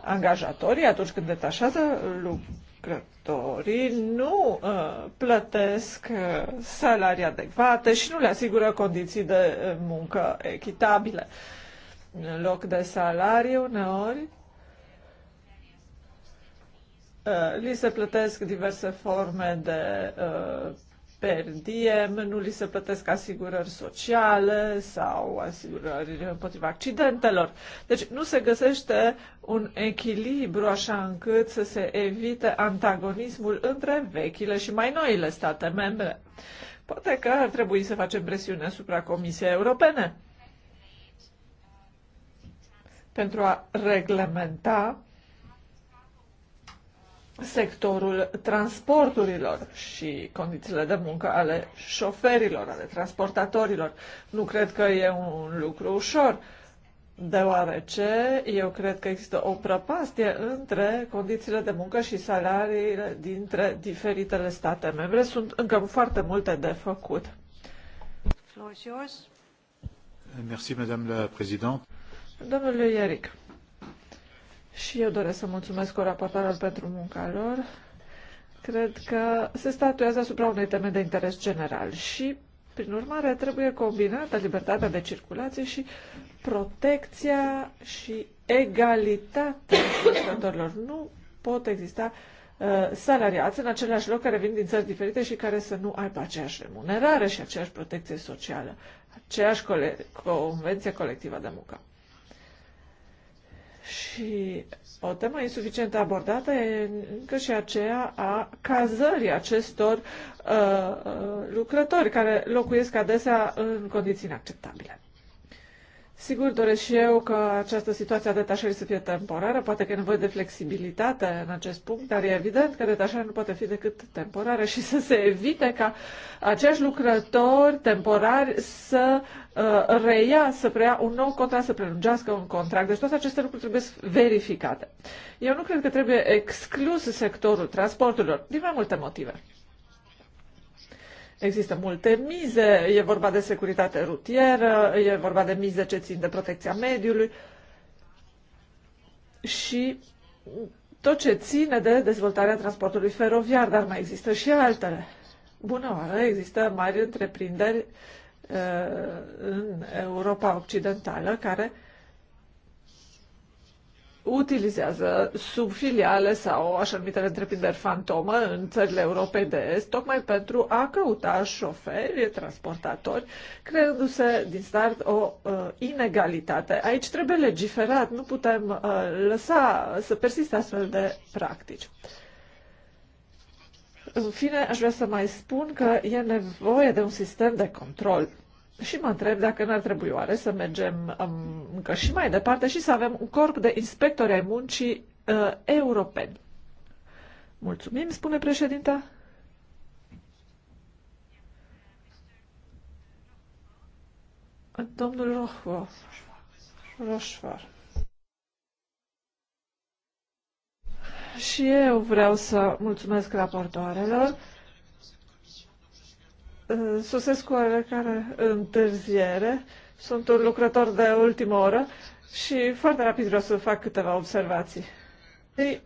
angajatorii, atunci când detașează lucrătorii, nu uh, plătesc salarii adecvate și nu le asigură condiții de muncă echitabile. În loc de salarii, uneori, Uh, li se plătesc diverse forme de uh, per diem, nu li se plătesc asigurări sociale sau asigurări împotriva accidentelor. Deci nu se găsește un echilibru așa încât să se evite antagonismul între vechile și mai noile state membre. Poate că ar trebui să facem presiune asupra Comisiei Europene pentru a reglementa sectorul transporturilor și condițiile de muncă ale șoferilor, ale transportatorilor. Nu cred că e un lucru ușor, deoarece eu cred că există o prăpastie între condițiile de muncă și salariile dintre diferitele state membre. Sunt încă foarte multe de făcut. Merci, Madame la Domnule Ieric. Și eu doresc să mulțumesc raportorilor pentru munca lor. Cred că se statuează asupra unei teme de interes general și, prin urmare, trebuie combinată libertatea de circulație și protecția și egalitatea lucrătorilor. Nu pot exista uh, salariați în același loc care vin din țări diferite și care să nu aibă aceeași remunerare și aceeași protecție socială, aceeași convenție colectivă de muncă. Și o temă insuficient abordată e încă și aceea a cazării acestor uh, uh lucrători care locuiesc adesea în condiții inacceptabile. Sigur, doresc și eu ca această situație a detașării să fie temporară, poate că e nevoie de flexibilitate în acest punct, dar e evident că detașarea nu poate fi decât temporară și să se evite ca acești lucrători temporari să uh, reia, să preia un nou contract, să prelungească un contract. Deci toate aceste lucruri trebuie verificate. Eu nu cred că trebuie exclus sectorul transporturilor, din mai multe motive. Există multe mize, e vorba de securitate rutieră, e vorba de mize ce țin de protecția mediului și tot ce ține de dezvoltarea transportului feroviar, dar mai există și altele. Bună oară, există mari întreprinderi uh, în Europa Occidentală care uh, utilizează subfiliale sau așa numitele întreprinderi fantomă în țările Europei de Est, tocmai pentru a căuta șoferi, transportatori, creându-se din start o uh, inegalitate. Aici trebuie legiferat, nu putem uh, lăsa să persiste astfel de practici. În fine, aș vrea să mai spun că e nevoie de un sistem de control și mă întreb dacă n-ar trebui oare să mergem um, încă și mai departe și să avem un corp de inspectori ai muncii uh, europeni. Mulțumim, spune președinta. Domnul Rochvo. Roșvar. Și eu vreau să mulțumesc raportoarelor Eh, sosesc cu oarecare întârziere, sunt un lucrător de ultimă oră și foarte rapid vreau să fac câteva observații. Ei,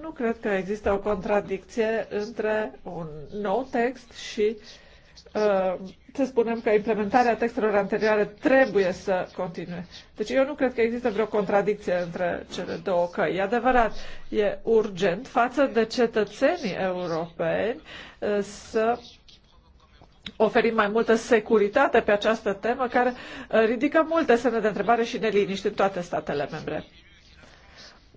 nu cred că există o contradicție între un nou text și uh, să spunem că implementarea textelor anterioare trebuie să continue. Deci eu nu cred că există vreo contradicție între cele două căi. E adevărat, e urgent față de cetățenii europeni uh, să oferind mai multă securitate pe această temă, care uh, ridică multe semne de întrebare și neliniști în toate statele membre.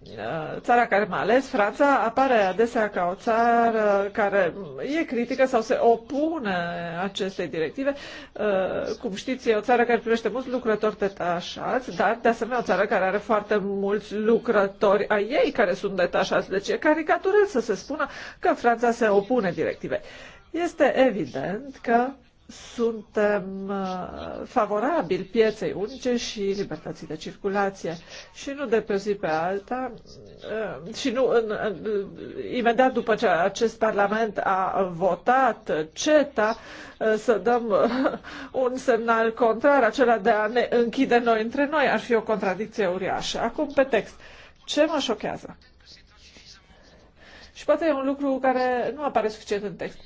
Uh, țara care m-a ales, Franța, apare adesea ca o țară care e critică sau se opune acestei directive. Uh, cum știți, e o țară care primește mulți lucrători detașați, dar de asemenea o țară care are foarte mulți lucrători a ei care sunt detașați. Deci e caricatură să se spună că Franța se opune directivei. Este evident că suntem uh, favorabili pieței unice și libertății de circulație și nu de pe o zi pe alta uh, și nu în, în, imediat după ce acest parlament a votat CETA uh, să dăm un semnal contrar acela de a ne închide noi între noi ar fi o contradicție uriașă. Acum pe text. Ce mă șochează? Și poate e un lucru care nu apare suficient în text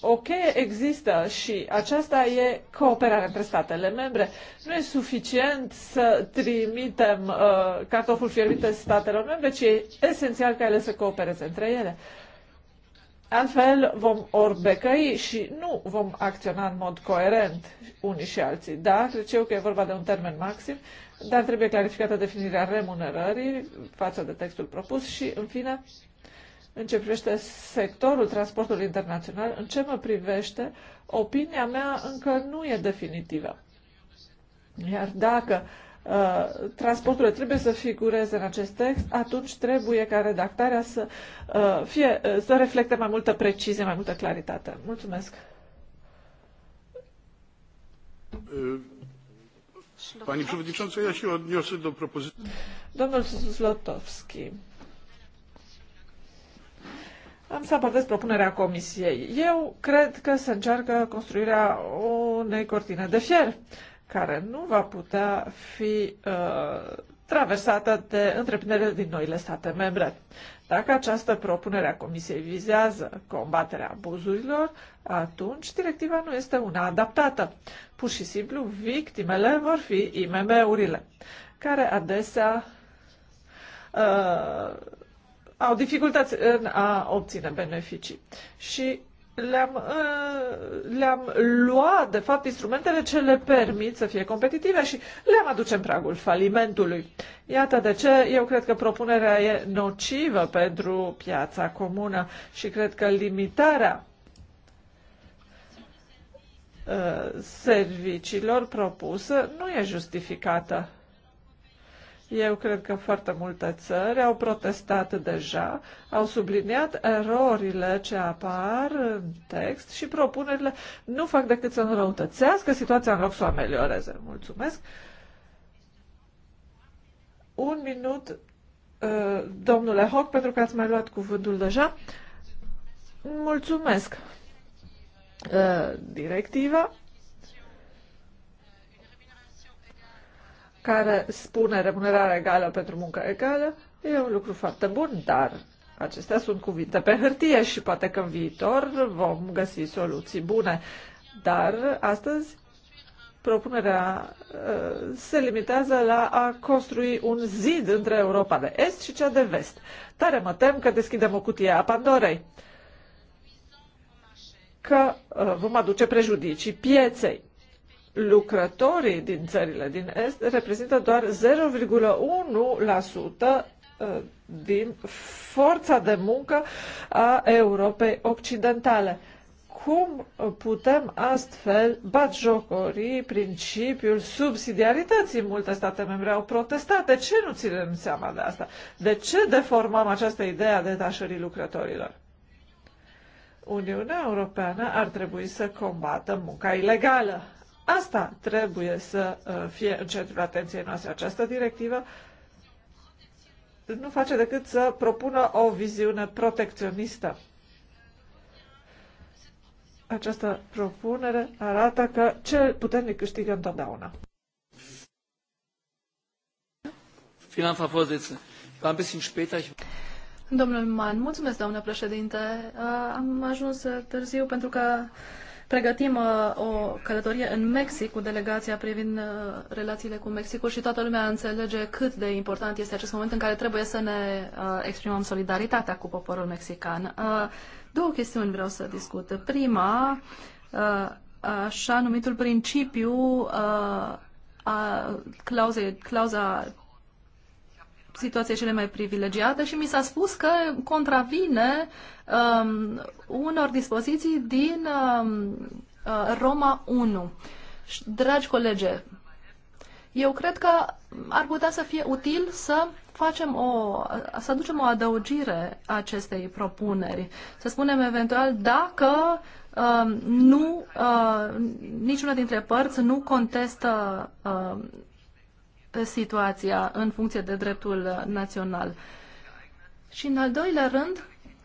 o cheie există și aceasta e cooperarea între statele membre. Nu e suficient să trimitem uh, cartoful fierbinte statelor membre, ci e esențial ca ele să coopereze între ele. Altfel vom orbecăi și nu vom acționa în mod coerent unii și alții. Da, cred eu că e vorba de un termen maxim, dar trebuie clarificată definirea remunerării față de textul propus și, în fine, în ce privește sectorul transportului internațional, în ce mă privește, opinia mea încă nu e definitivă. Iar dacă uh, transporturile trebuie să figureze în acest text, atunci trebuie ca redactarea să, uh, fie, uh, să reflecte mai multă precizie, mai multă claritate. Mulțumesc! Pani Przewodnicząca, ja się odniosę do propozycji. Domnul Slotowski. Am să abordez propunerea Comisiei. Eu cred că se încearcă construirea unei cortine de fier care nu va putea fi uh, traversată de întreprinderile din noile state membre. Dacă această propunere a Comisiei vizează combaterea abuzurilor, atunci directiva nu este una adaptată. Pur și simplu, victimele vor fi IMM-urile, care adesea uh, au dificultăți în a obține beneficii. Și le-am, uh, le-am luat, de fapt, instrumentele ce le permit să fie competitive și le-am aduce în pragul falimentului. Iată de ce eu cred că propunerea e nocivă pentru piața comună și cred că limitarea uh, serviciilor propusă nu e justificată. Eu cred că foarte multe țări au protestat deja, au subliniat erorile ce apar în text și propunerile nu fac decât să înrăutățească situația în loc să o amelioreze. Mulțumesc. Un minut, uh, domnule Hoc, pentru că ați mai luat cuvântul deja. Mulțumesc. Uh, directiva care spune remunerarea egală pentru muncă egală, e un lucru foarte bun, dar acestea sunt cuvinte pe hârtie și poate că în viitor vom găsi soluții bune. Dar astăzi propunerea uh, se limitează la a construi un zid între Europa de Est și cea de Vest. Tare mă tem că deschidem o cutie a Pandorei, că uh, vom aduce prejudicii pieței lucrătorii din țările din Est reprezintă doar 0,1% uh, din forța de muncă a Europei Occidentale. Cum putem astfel batjocorii principiul subsidiarității? Multe state membre au protestat. De ce nu ținem seama de asta? De ce deformăm această idee a detașării lucrătorilor? Uniunea Europeană ar trebui să combată munca ilegală Asta trebuie să uh, fie în centrul atenției noastre. Această directivă nu face decât să propună o viziune protecționistă. Această propunere arată că cel puternic câștigă întotdeauna. Domnul Man, mulțumesc, doamnă președinte. Uh, am ajuns târziu pentru că pregătim uh, o călătorie în Mexic cu delegația privind uh, relațiile cu Mexicul și toată lumea înțelege cât de important este acest moment în care trebuie să ne uh, exprimăm solidaritatea cu poporul mexican. Uh, două chestiuni vreau să discut. Prima, uh, așa numitul principiu uh, a clauzei, clauza situației cele mai privilegiate și mi s-a spus că contravine um, unor dispoziții din um, uh, Roma 1. Dragi colege, eu cred că ar putea să fie util să facem o, să aducem o adăugire acestei propuneri. Să spunem eventual dacă uh, nu, uh, niciuna dintre părți nu contestă uh, situația în funcție de dreptul național. Și în al doilea rând,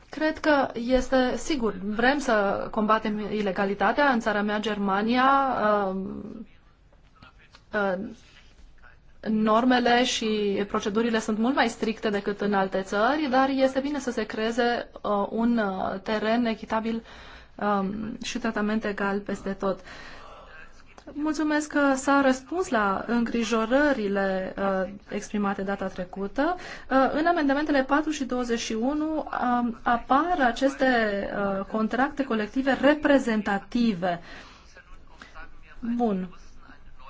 cred că este sigur, vrem să combatem ilegalitatea în țara mea, Germania, um, um, normele și procedurile sunt mult mai stricte decât în alte țări, dar este bine să se creeze uh, un uh, teren echitabil um, și tratament egal peste tot. Mulțumesc că s-a răspuns la îngrijorările uh, exprimate data trecută. Uh, în amendamentele 4 și 21 uh, um, apar aceste uh, contracte colective reprezentative. Bun.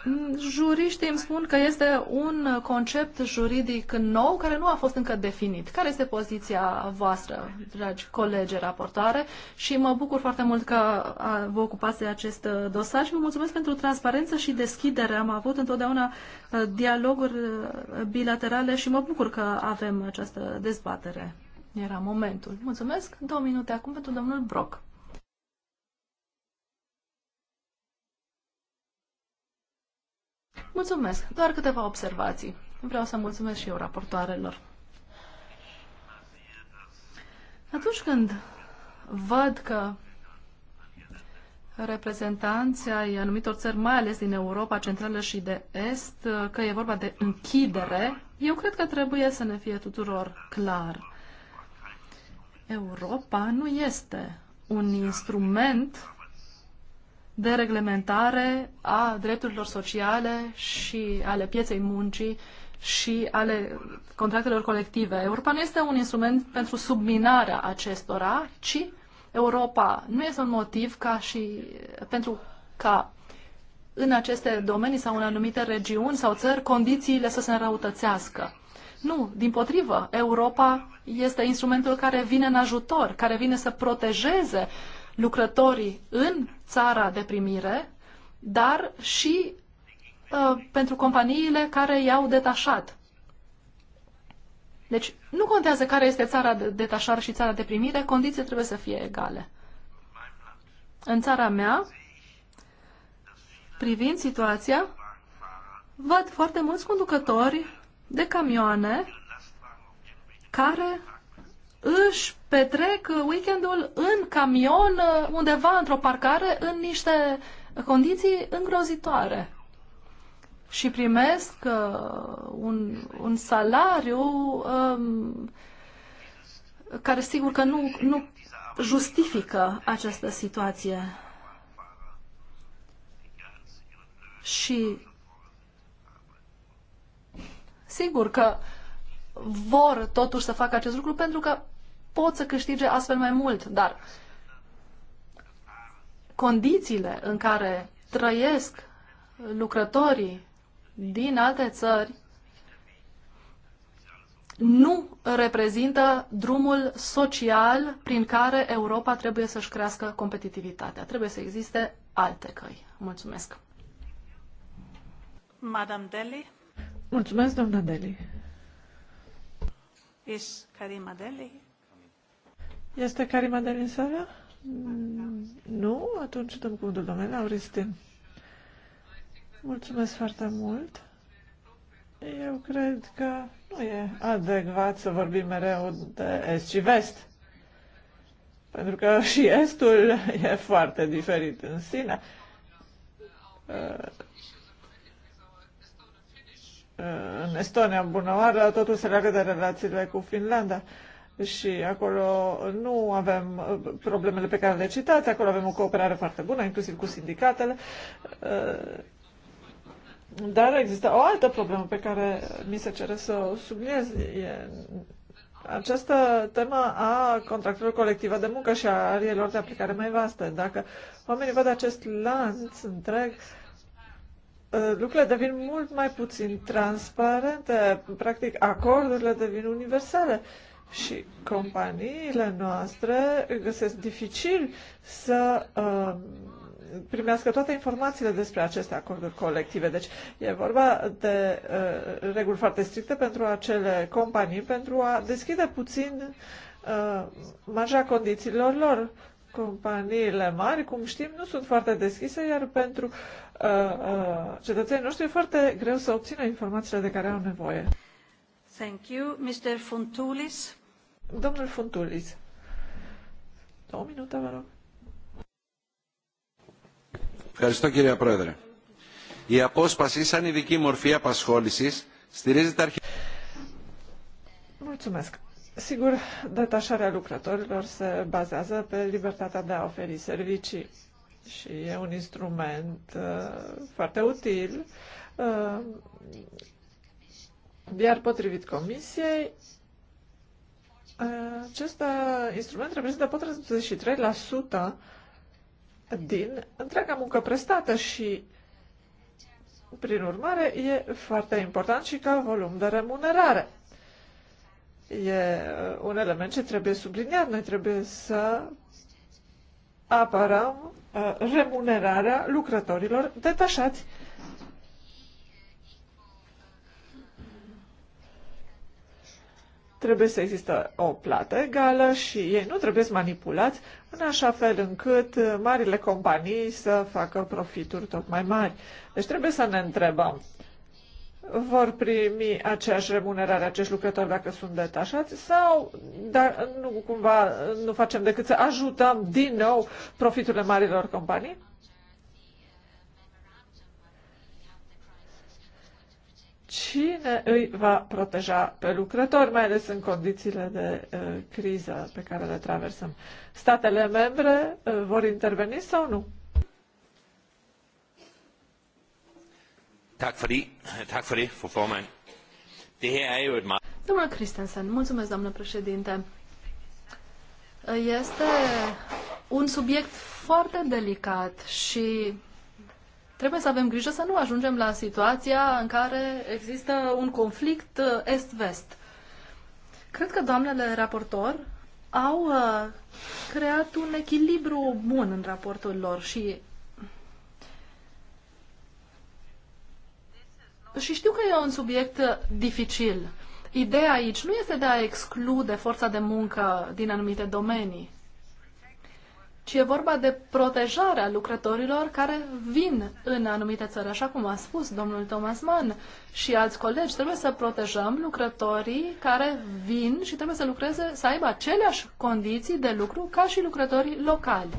Mm, juriștii îmi spun că este un concept juridic nou care nu a fost încă definit. Care este poziția voastră, dragi colegi raportoare? Și mă bucur foarte mult că vă ocupați de acest uh, dosar și vă mulțumesc pentru transparență și deschidere. Am avut întotdeauna uh, dialoguri uh, bilaterale și mă bucur că avem această dezbatere. Era momentul. Mulțumesc. Două minute acum pentru domnul Brock. Mulțumesc. Doar câteva observații. Vreau să mulțumesc și eu raportoarelor. Atunci când văd că reprezentanții ai anumitor țări, mai ales din Europa Centrală și de Est, că e vorba de închidere, eu cred că trebuie să ne fie tuturor clar. Europa nu este un instrument de reglementare a drepturilor sociale și ale pieței muncii și ale contractelor colective. Europa nu este un instrument pentru subminarea acestora, ci Europa nu este un motiv ca și pentru ca în aceste domenii sau în anumite regiuni sau țări condițiile să se înrăutățească. Nu, din potrivă, Europa este instrumentul care vine în ajutor, care vine să protejeze uh, lucrătorii în țara de primire, dar și uh, pentru companiile care i-au detașat. Deci nu contează care este țara de detașare și țara de primire, condiții trebuie să fie egale. În țara mea, privind situația, văd foarte mulți conducători de camioane care își petrec weekendul în camion, uh, undeva într-o parcare, în niște condiții îngrozitoare. Și primesc uh, un, un salariu um, care sigur că nu, nu justifică această situație. Și sigur că vor totuși să facă acest lucru pentru că pot să câștige astfel mai mult, dar condițiile în care trăiesc lucrătorii din alte țări nu reprezintă drumul social prin care Europa trebuie să-și crească competitivitatea. Trebuie să existe alte căi. Mulțumesc. Madame Deli. Mulțumesc, doamna Deli. Este Karima Deli în sală? Nu? Atunci dăm cuvântul domnului Auristin. Mulțumesc foarte mult. Eu cred că nu e adecvat să vorbim mereu de est și vest. Pentru că și estul e foarte diferit în sine în Estonia, în bună oară, totul se leagă de relațiile cu Finlanda. Și acolo nu avem uh, problemele pe care le citați, acolo avem o cooperare foarte bună, inclusiv cu sindicatele. Uh, dar există o altă problemă pe care mi se cere să o subliniez. E această temă a contractelor colective de muncă și a arielor de aplicare mai vaste. Dacă oamenii văd acest lanț întreg, uh, Uh, lucrurile devin mult mai puțin transparente. Practic, acordurile devin universale și companiile noastre găsesc dificil să uh, primească toate informațiile despre aceste acorduri colective. Deci e vorba de uh, reguli foarte stricte pentru acele companii pentru a deschide puțin uh, marja condițiilor lor companiile mari, cum știm, nu sunt foarte deschise, iar pentru uh, uh, cetățenii noștri e foarte greu să obțină informațiile de care au nevoie. Thank you. Mr. Funtulis. Domnul Funtulis. Două minute, vă rog. Ευχαριστώ κύριε Πρόεδρε. Η απόσπαση σαν ειδική μορφή απασχόλησης στηρίζεται αρχικά... Mulțumesc. Sigur, detașarea lucrătorilor se bazează pe libertatea de a oferi servicii și e un instrument uh, foarte util, uh, iar potrivit Comisiei, uh, acest instrument reprezintă 43% din întreaga muncă prestată și, prin urmare, e foarte important și ca volum de remunerare e uh, un element ce trebuie subliniat. Noi trebuie să apărăm uh, remunerarea lucrătorilor detașați. Trebuie să există o plată egală și ei nu trebuie să manipulați în așa fel încât uh, marile companii să facă profituri tot mai mari. Deci trebuie să ne întrebăm vor primi aceeași remunerare acești lucrători dacă sunt detașați sau dar nu cumva nu facem decât să ajutăm din nou profiturile marilor companii? Cine îi va proteja pe lucrători, mai ales în condițiile de uh, criză pe care le traversăm? Statele membre uh, vor interveni sau nu? Tak fordi, tak for det, fru formand. Det her er jo et meget... Christensen, mulțumesc, doamnă președinte. Este un subiect foarte delicat și trebuie să avem grijă să nu ajungem la situația în care există un conflict est-vest. Cred că doamnele raportor au uh, creat un echilibru bun în raportul lor și și știu că e un subiect uh, dificil. Ideea aici nu este de a exclude forța de muncă din anumite domenii, ci e vorba de protejarea lucrătorilor care vin în anumite țări. Așa cum a spus domnul Thomas Mann și alți colegi, trebuie să protejăm lucrătorii care vin și trebuie să lucreze, să aibă aceleași condiții de lucru ca și lucrătorii locali.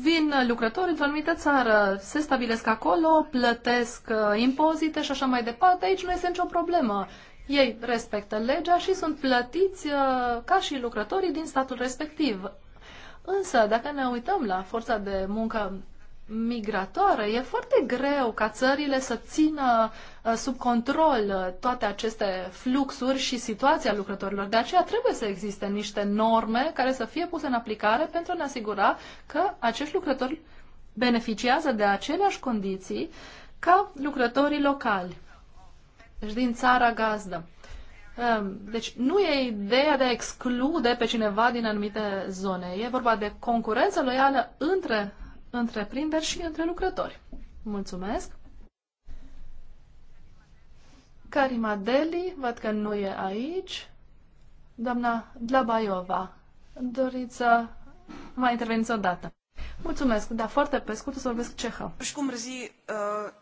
vin lucrători într-o anumită țară, se stabilesc acolo, plătesc uh, impozite și așa mai departe, aici nu este nicio problemă. Ei respectă legea și sunt plătiți uh, ca și lucrătorii din statul respectiv. Însă, dacă ne uităm la forța de muncă migratoare, e foarte greu ca țările să țină uh, sub control uh, toate aceste fluxuri și situația lucrătorilor. De aceea trebuie să existe niște norme care să fie puse în aplicare pentru a ne asigura că acești lucrători beneficiază de aceleași condiții ca lucrătorii locali, deci din țara gazdă. Um, deci nu e ideea de a exclude pe cineva din anumite zone. E vorba de concurență loială între întreprinderi și între lucrători. Mulțumesc! Karima Deli, văd că nu e aici. Doamna Dlabaiova, doriți să mai interveniți o dată. Mulțumesc, dar foarte pe scurt să vorbesc cehă. Uh, și cum rzi,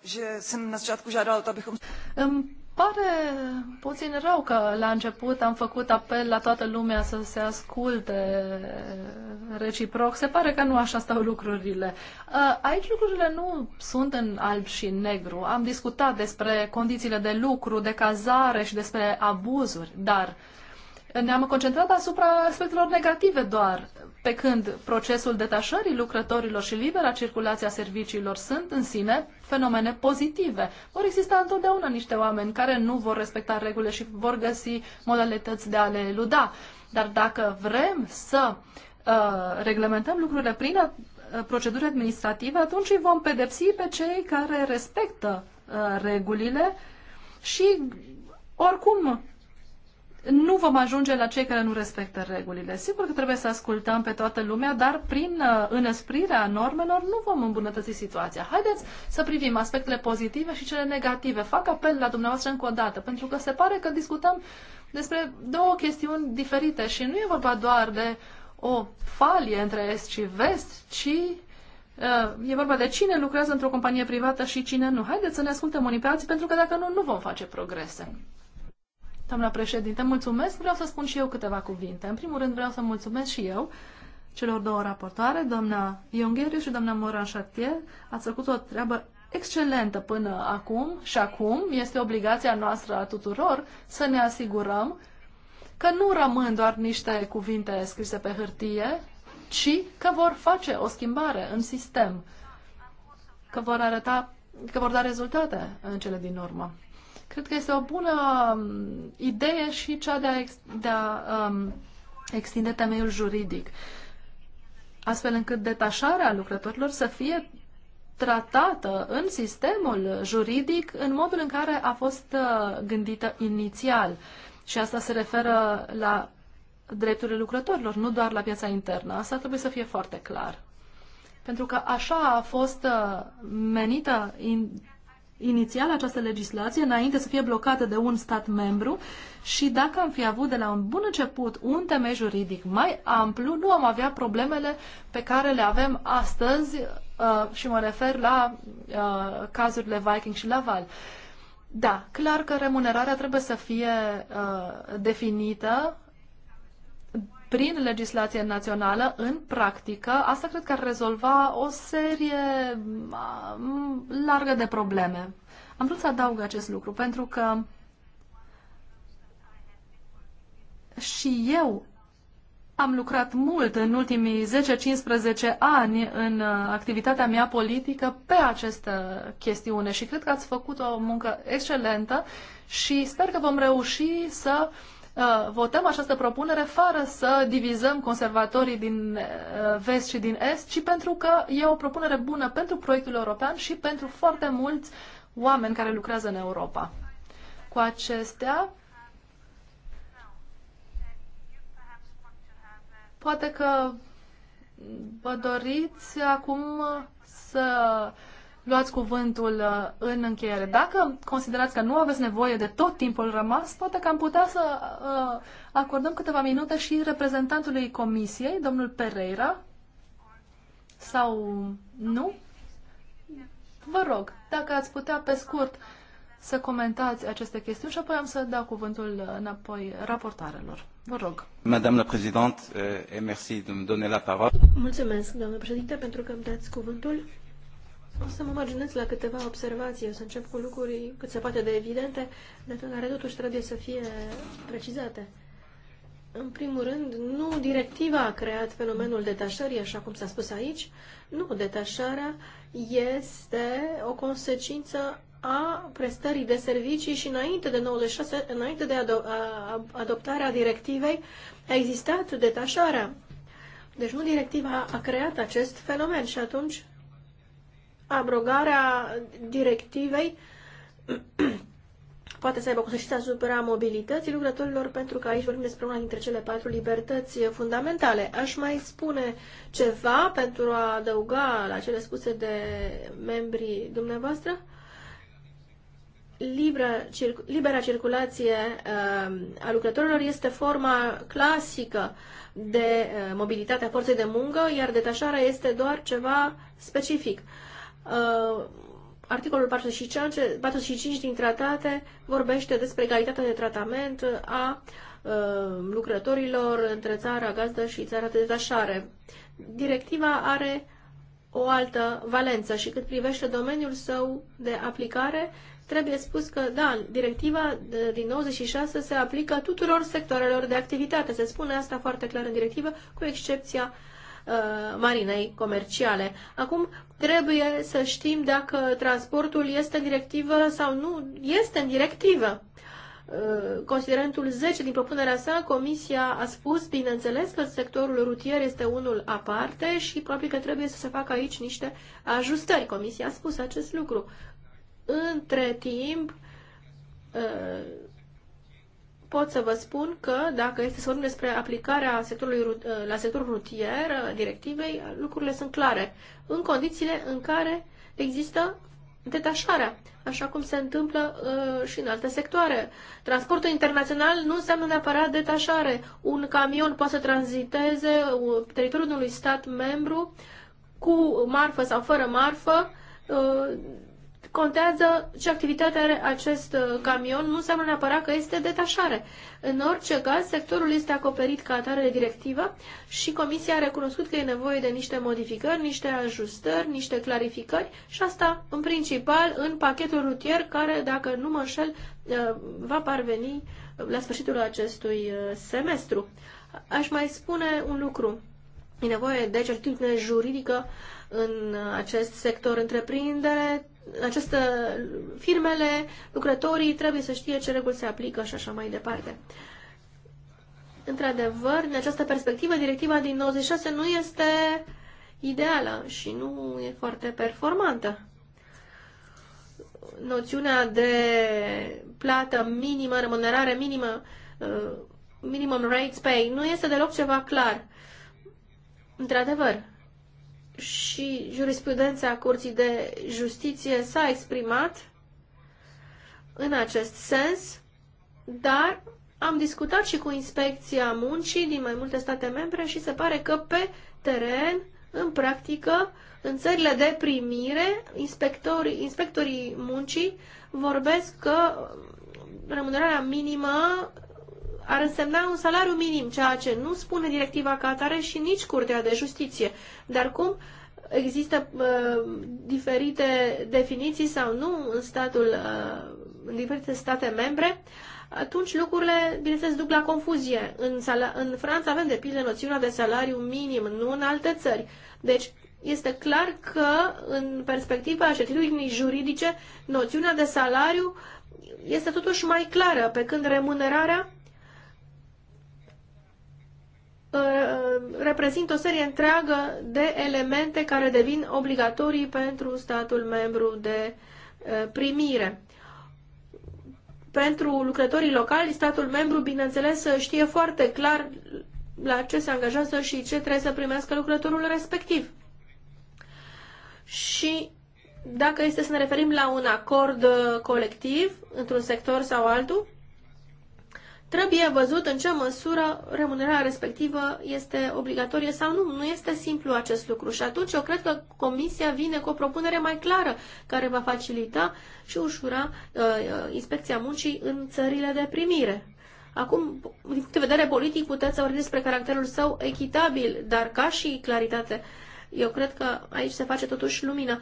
že jsem na začátku abychom... Îmi pare puțin rău că la început am făcut apel la toată lumea să se asculte reciproc. Se pare că nu așa stau lucrurile. Aici lucrurile nu sunt în alb și negru. Am discutat despre condițiile de lucru, de cazare și despre abuzuri, dar ne-am concentrat asupra aspectelor negative doar pe când procesul detașării lucrătorilor și libera circulație a serviciilor sunt în sine fenomene pozitive. Vor exista întotdeauna niște oameni care nu vor respecta regulile și vor găsi modalități de a le eluda. Dar dacă vrem să uh, reglementăm lucrurile prin uh, proceduri administrative, atunci îi vom pedepsi pe cei care respectă uh, regulile și oricum nu vom ajunge la cei care nu respectă regulile. Sigur că trebuie să ascultăm pe toată lumea, dar prin uh, înăsprirea normelor nu vom îmbunătăți situația. Haideți să privim aspectele pozitive și cele negative. Fac apel la dumneavoastră încă o dată, pentru că se pare că discutăm despre două chestiuni diferite și nu e vorba doar de o falie între est și vest, ci uh, e vorba de cine lucrează într-o companie privată și cine nu. Haideți să ne ascultăm unii pe alții, pentru că dacă nu, nu vom face progrese. Doamna președinte, mulțumesc. Vreau să spun și eu câteva cuvinte. În primul rând vreau să mulțumesc și eu celor două raportoare, doamna Iongheriu și doamna Moran Chartier. Ați făcut o treabă excelentă până acum și acum este obligația noastră a tuturor să ne asigurăm că nu rămân doar niște cuvinte scrise pe hârtie, ci că vor face o schimbare în sistem, că vor arăta, că vor da rezultate în cele din urmă. Cred că este o bună um, idee și cea de a, ex, de a um, extinde temeiul juridic, astfel încât detașarea lucrătorilor să fie tratată în sistemul juridic în modul în care a fost uh, gândită inițial. Și asta se referă la drepturile lucrătorilor, nu doar la piața internă. Asta trebuie să fie foarte clar. Pentru că așa a fost uh, menită inițial această legislație înainte să fie blocată de un stat membru și dacă am fi avut de la un bun început un temei juridic mai amplu, nu am avea problemele pe care le avem astăzi uh, și mă refer la uh, cazurile Viking și Laval. Da, clar că remunerarea trebuie să fie uh, definită prin legislație națională, în practică, asta cred că ar rezolva o serie mm, mm, largă de probleme. Am vrut să adaug acest lucru pentru că și eu am lucrat mult în ultimii 10-15 ani în uh, activitatea mea politică pe această chestiune și cred că ați făcut o muncă excelentă și sper că vom reuși să uh, Uh, votăm această propunere fără să divizăm conservatorii din uh, vest și din est, ci pentru că e o propunere bună pentru proiectul european și pentru foarte mulți oameni care lucrează în Europa. Cu acestea, poate că vă doriți acum să luați cuvântul uh, în încheiere. Dacă considerați că nu aveți nevoie de tot timpul rămas, poate că am putea să uh, acordăm câteva minute și reprezentantului comisiei, domnul Pereira, sau nu? Vă rog, dacă ați putea pe scurt să comentați aceste chestiuni și apoi am să dau cuvântul uh, înapoi raportarelor. Vă rog. Madame la Présidente, euh, merci de me donner la parole. Mulțumesc, doamnă președinte, pentru că îmi dați cuvântul. O să mă marginez la câteva observații. O să încep cu lucruri cât se poate de evidente, de care totuși trebuie să fie precizate. În primul rând, nu directiva a creat fenomenul detașării, așa cum s-a spus aici. Nu, detașarea este o consecință a prestării de servicii și înainte de 96, înainte de ado- a, adoptarea directivei, a existat detașarea. Deci nu directiva a creat acest fenomen și atunci abrogarea directivei poate să aibă consecințe asupra mobilității lucrătorilor, pentru că aici vorbim despre una dintre cele patru libertăți fundamentale. Aș mai spune ceva pentru a adăuga la cele spuse de membrii dumneavoastră? Libera, cir- libera circulație uh, a lucrătorilor este forma clasică de uh, mobilitate a forței de muncă, iar detașarea este doar ceva specific. Uh, uh, articolul 45, 45 din tratate vorbește despre egalitatea de tratament a uh, lucrătorilor între țara gazdă și țara de detașare. Directiva are o altă valență și cât privește domeniul său de aplicare, trebuie spus că, da, directiva din 96 se aplică tuturor sectoarelor de activitate. Se spune asta foarte clar în directivă, cu excepția uh, Uh, marinei comerciale. Acum trebuie să știm dacă transportul este în directivă sau nu este în directivă. Uh, considerentul 10 din propunerea sa, Comisia a spus, bineînțeles, că sectorul rutier este unul aparte și probabil că trebuie să se facă aici niște ajustări. Comisia a spus acest lucru. Între timp, uh, pot să vă spun că dacă este să vorbim despre aplicarea sectorului, ă, la sectorul rutier ă, directivei, lucrurile sunt clare, în condițiile în care există detașarea, așa cum se întâmplă uh, și în alte sectoare. Transportul internațional nu înseamnă neapărat detașare. Un camion poate să tranziteze teritoriul unui stat membru cu marfă sau fără marfă, uh, contează ce activitate are acest uh, camion, nu înseamnă neapărat că este detașare. În orice caz, sectorul este acoperit ca atare de directivă și Comisia a recunoscut că e nevoie de niște modificări, niște ajustări, niște clarificări și asta în principal în pachetul rutier care, dacă nu mă șel, uh, va parveni uh, la sfârșitul acestui semestru. Aș mai spune un lucru. E nevoie de certitudine juridică în acest sector întreprindere, această firmele, lucrătorii trebuie să știe ce reguli se aplică și așa mai departe. Într-adevăr, în această perspectivă, directiva din 96 nu este ideală și nu e foarte performantă. Noțiunea de plată minimă, remunerare minimă, uh, minimum rates pay, nu este deloc ceva clar. Într-adevăr, și jurisprudența Curții de Justiție s-a exprimat în acest sens, dar am discutat și cu Inspecția Muncii din mai multe state membre și se pare că pe teren, în practică, în țările de primire, inspectorii, inspectorii muncii vorbesc că remunerarea minimă ar însemna un salariu minim, ceea ce nu spune directiva ca atare și nici Curtea de Justiție. Dar cum există uh, diferite definiții sau nu în statul, uh, în diferite state membre, atunci lucrurile, bineînțeles, duc la confuzie. În, în Franța avem, de pildă, noțiunea de salariu minim, nu în alte țări. Deci, este clar că, în perspectiva certitudinii juridice, noțiunea de salariu este totuși mai clară, pe când remunerarea Uh, reprezintă o serie întreagă de elemente care devin obligatorii pentru statul membru de uh, primire. Pentru lucrătorii locali, statul membru, bineînțeles, știe foarte clar la ce se angajează și ce trebuie să primească lucrătorul respectiv. Și dacă este să ne referim la un acord colectiv într-un sector sau altul, Trebuie văzut în ce măsură remunerarea respectivă este obligatorie sau nu. Nu este simplu acest lucru și atunci eu cred că Comisia vine cu o propunere mai clară care va facilita și ușura uh, uh, inspecția muncii în țările de primire. Acum, din punct de vedere politic, puteți să vorbiți despre caracterul său echitabil, dar ca și claritate, eu cred că aici se face totuși lumină.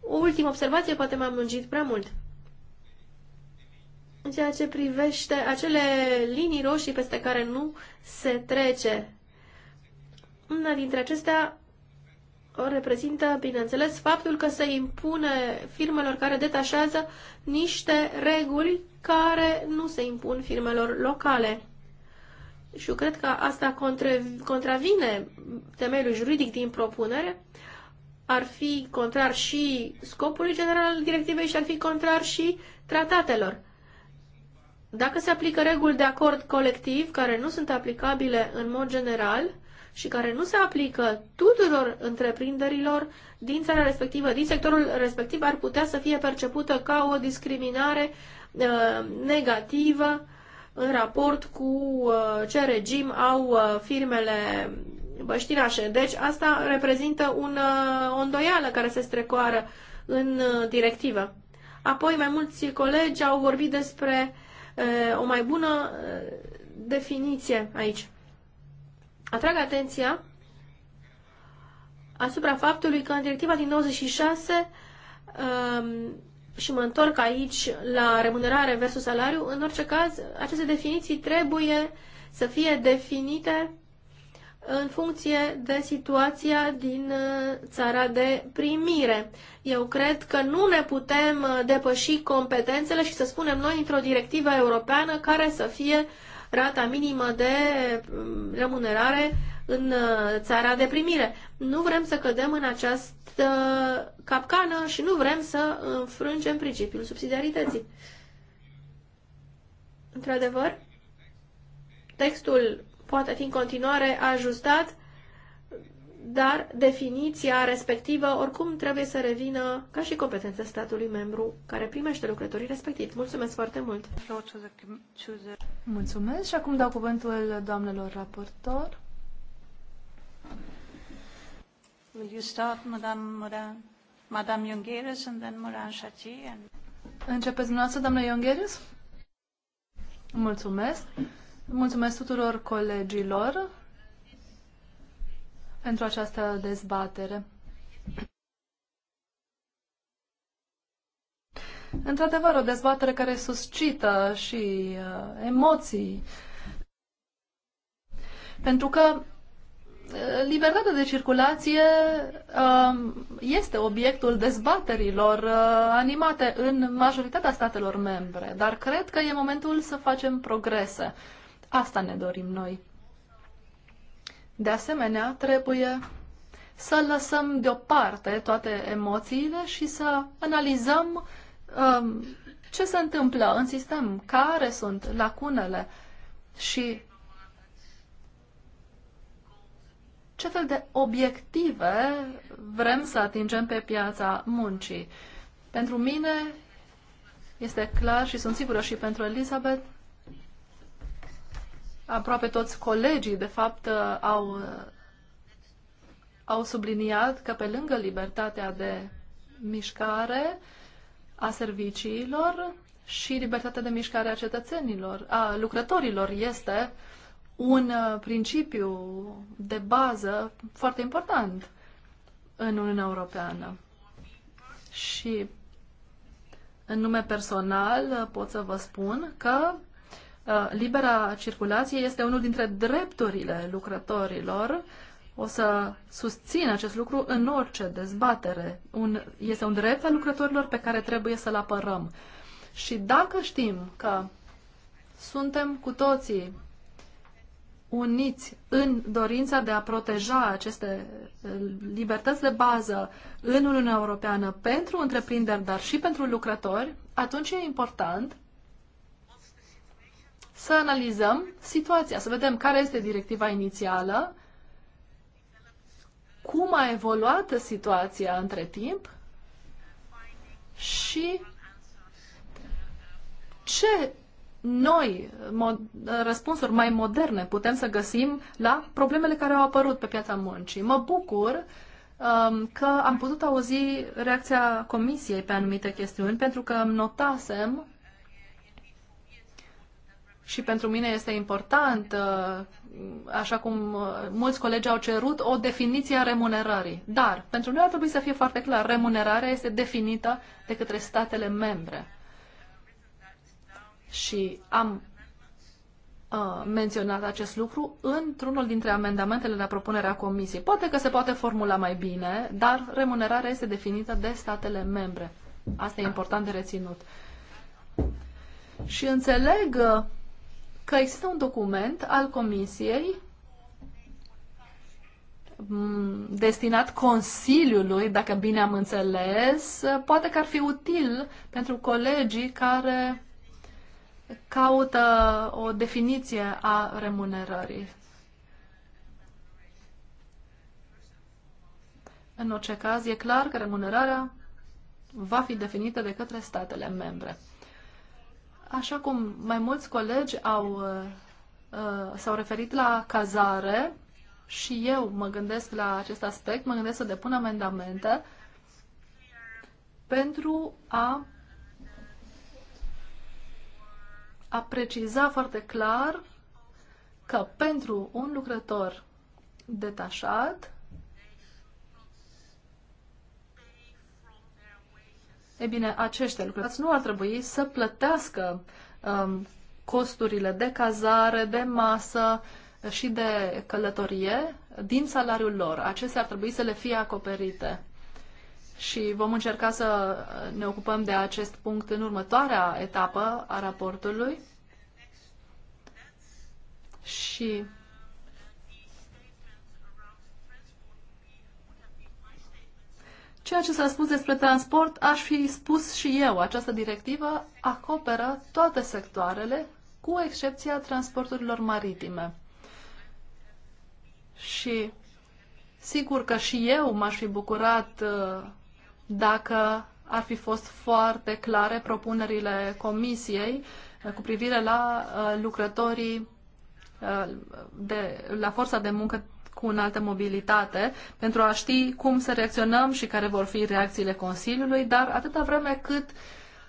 O ultimă observație, poate m-am lungit prea mult în ceea ce privește acele linii roșii peste care nu se trece. Una dintre acestea o reprezintă, bineînțeles, faptul că se impune firmelor care detașează niște reguli care nu se impun firmelor locale. Și eu cred că asta contravine temeiul juridic din propunere, ar fi contrar și scopului general al directivei și ar fi contrar și tratatelor. Dacă se aplică reguli de acord colectiv care nu sunt aplicabile în mod general și care nu se aplică tuturor întreprinderilor din țara respectivă, din sectorul respectiv, ar putea să fie percepută ca o discriminare uh, negativă în raport cu uh, ce regim au uh, firmele băștinașe. Deci asta reprezintă un, uh, o îndoială care se strecoară în uh, directivă. Apoi mai mulți colegi au vorbit despre Eh, o mai bună eh, definiție aici. Atrag atenția asupra faptului că în directiva din 96 ehm, și mă întorc aici la remunerare versus salariu, în orice caz, aceste definiții trebuie să fie definite în funcție de situația din eh, țara de primire. Eu cred că nu ne putem uh, depăși competențele și să spunem noi într-o directivă europeană care să fie rata minimă de mm, remunerare în uh, țara de primire. Nu vrem să cădem în această capcană și nu vrem să înfrângem principiul subsidiarității. Într-adevăr, textul poate fi în continuare ajustat dar definiția respectivă oricum trebuie să revină ca și competența statului membru care primește lucrătorii respectiv. Mulțumesc foarte mult! Mulțumesc și acum dau cuvântul doamnelor raportor. Will you start, Madame Moran, Madame Jungerius and then Moran Shati? And... Începeți dumneavoastră, doamnă Jungerius? Mulțumesc! Mulțumesc tuturor colegilor pentru această dezbatere. Într-adevăr, o dezbatere care suscită și uh, emoții. Pentru că uh, libertatea de circulație uh, este obiectul dezbaterilor uh, animate în majoritatea statelor membre, dar cred că e momentul să facem progrese. Asta ne dorim noi. De asemenea, trebuie să lăsăm deoparte toate emoțiile și să analizăm um, ce se întâmplă în sistem, care sunt lacunele și ce fel de obiective vrem să atingem pe piața muncii. Pentru mine este clar și sunt sigură și pentru Elizabeth aproape toți colegii, de fapt, uh, au, uh, au subliniat că pe lângă libertatea de mișcare a serviciilor și libertatea de mișcare a cetățenilor, a lucrătorilor este un uh, principiu de bază foarte important în Uniunea Europeană. Și în nume personal pot să vă spun că Uh, libera circulație este unul dintre drepturile lucrătorilor. O să susțin acest lucru în orice dezbatere. Un, este un drept al lucrătorilor pe care trebuie să-l apărăm. Și dacă știm că suntem cu toții uniți în dorința de a proteja aceste uh, libertăți de bază în Uniunea Europeană pentru întreprinderi, dar și pentru lucrători, atunci e important să analizăm situația, să vedem care este directiva inițială, cum a evoluat situația între timp și ce noi mod, răspunsuri mai moderne putem să găsim la problemele care au apărut pe piața muncii. Mă bucur um, că am putut auzi reacția Comisiei pe anumite chestiuni, pentru că notasem și pentru mine este important, uh, așa cum uh, mulți colegi au cerut, o definiție a remunerării. Dar, pentru noi ar trebui să fie foarte clar, remunerarea este definită de către statele membre. Și am uh, menționat acest lucru într-unul dintre amendamentele la propunerea Comisiei. Poate că se poate formula mai bine, dar remunerarea este definită de statele membre. Asta e important de reținut. Și înțeleg că există un document al Comisiei mm, destinat Consiliului, dacă bine am înțeles, poate că ar fi util pentru colegii care caută o definiție a remunerării. În orice caz, e clar că remunerarea va fi definită de către statele membre. Așa cum mai mulți colegi au, uh, uh, s-au referit la cazare și eu mă gândesc la acest aspect, mă gândesc să depun amendamente pentru a a preciza foarte clar că pentru un lucrător detașat E bine, acești lucrați nu ar trebui să plătească um, costurile de cazare, de masă și de călătorie din salariul lor. Acestea ar trebui să le fie acoperite. Și vom încerca să ne ocupăm de acest punct în următoarea etapă a raportului. Și Ceea ce s-a spus despre transport, aș fi spus și eu. Această directivă acoperă toate sectoarele, cu excepția transporturilor maritime. Și sigur că și eu m-aș fi bucurat uh, dacă ar fi fost foarte clare propunerile comisiei uh, cu privire la uh, lucrătorii de, la forța de muncă cu înaltă mobilitate pentru a ști cum să reacționăm și care vor fi reacțiile Consiliului, dar atâta vreme cât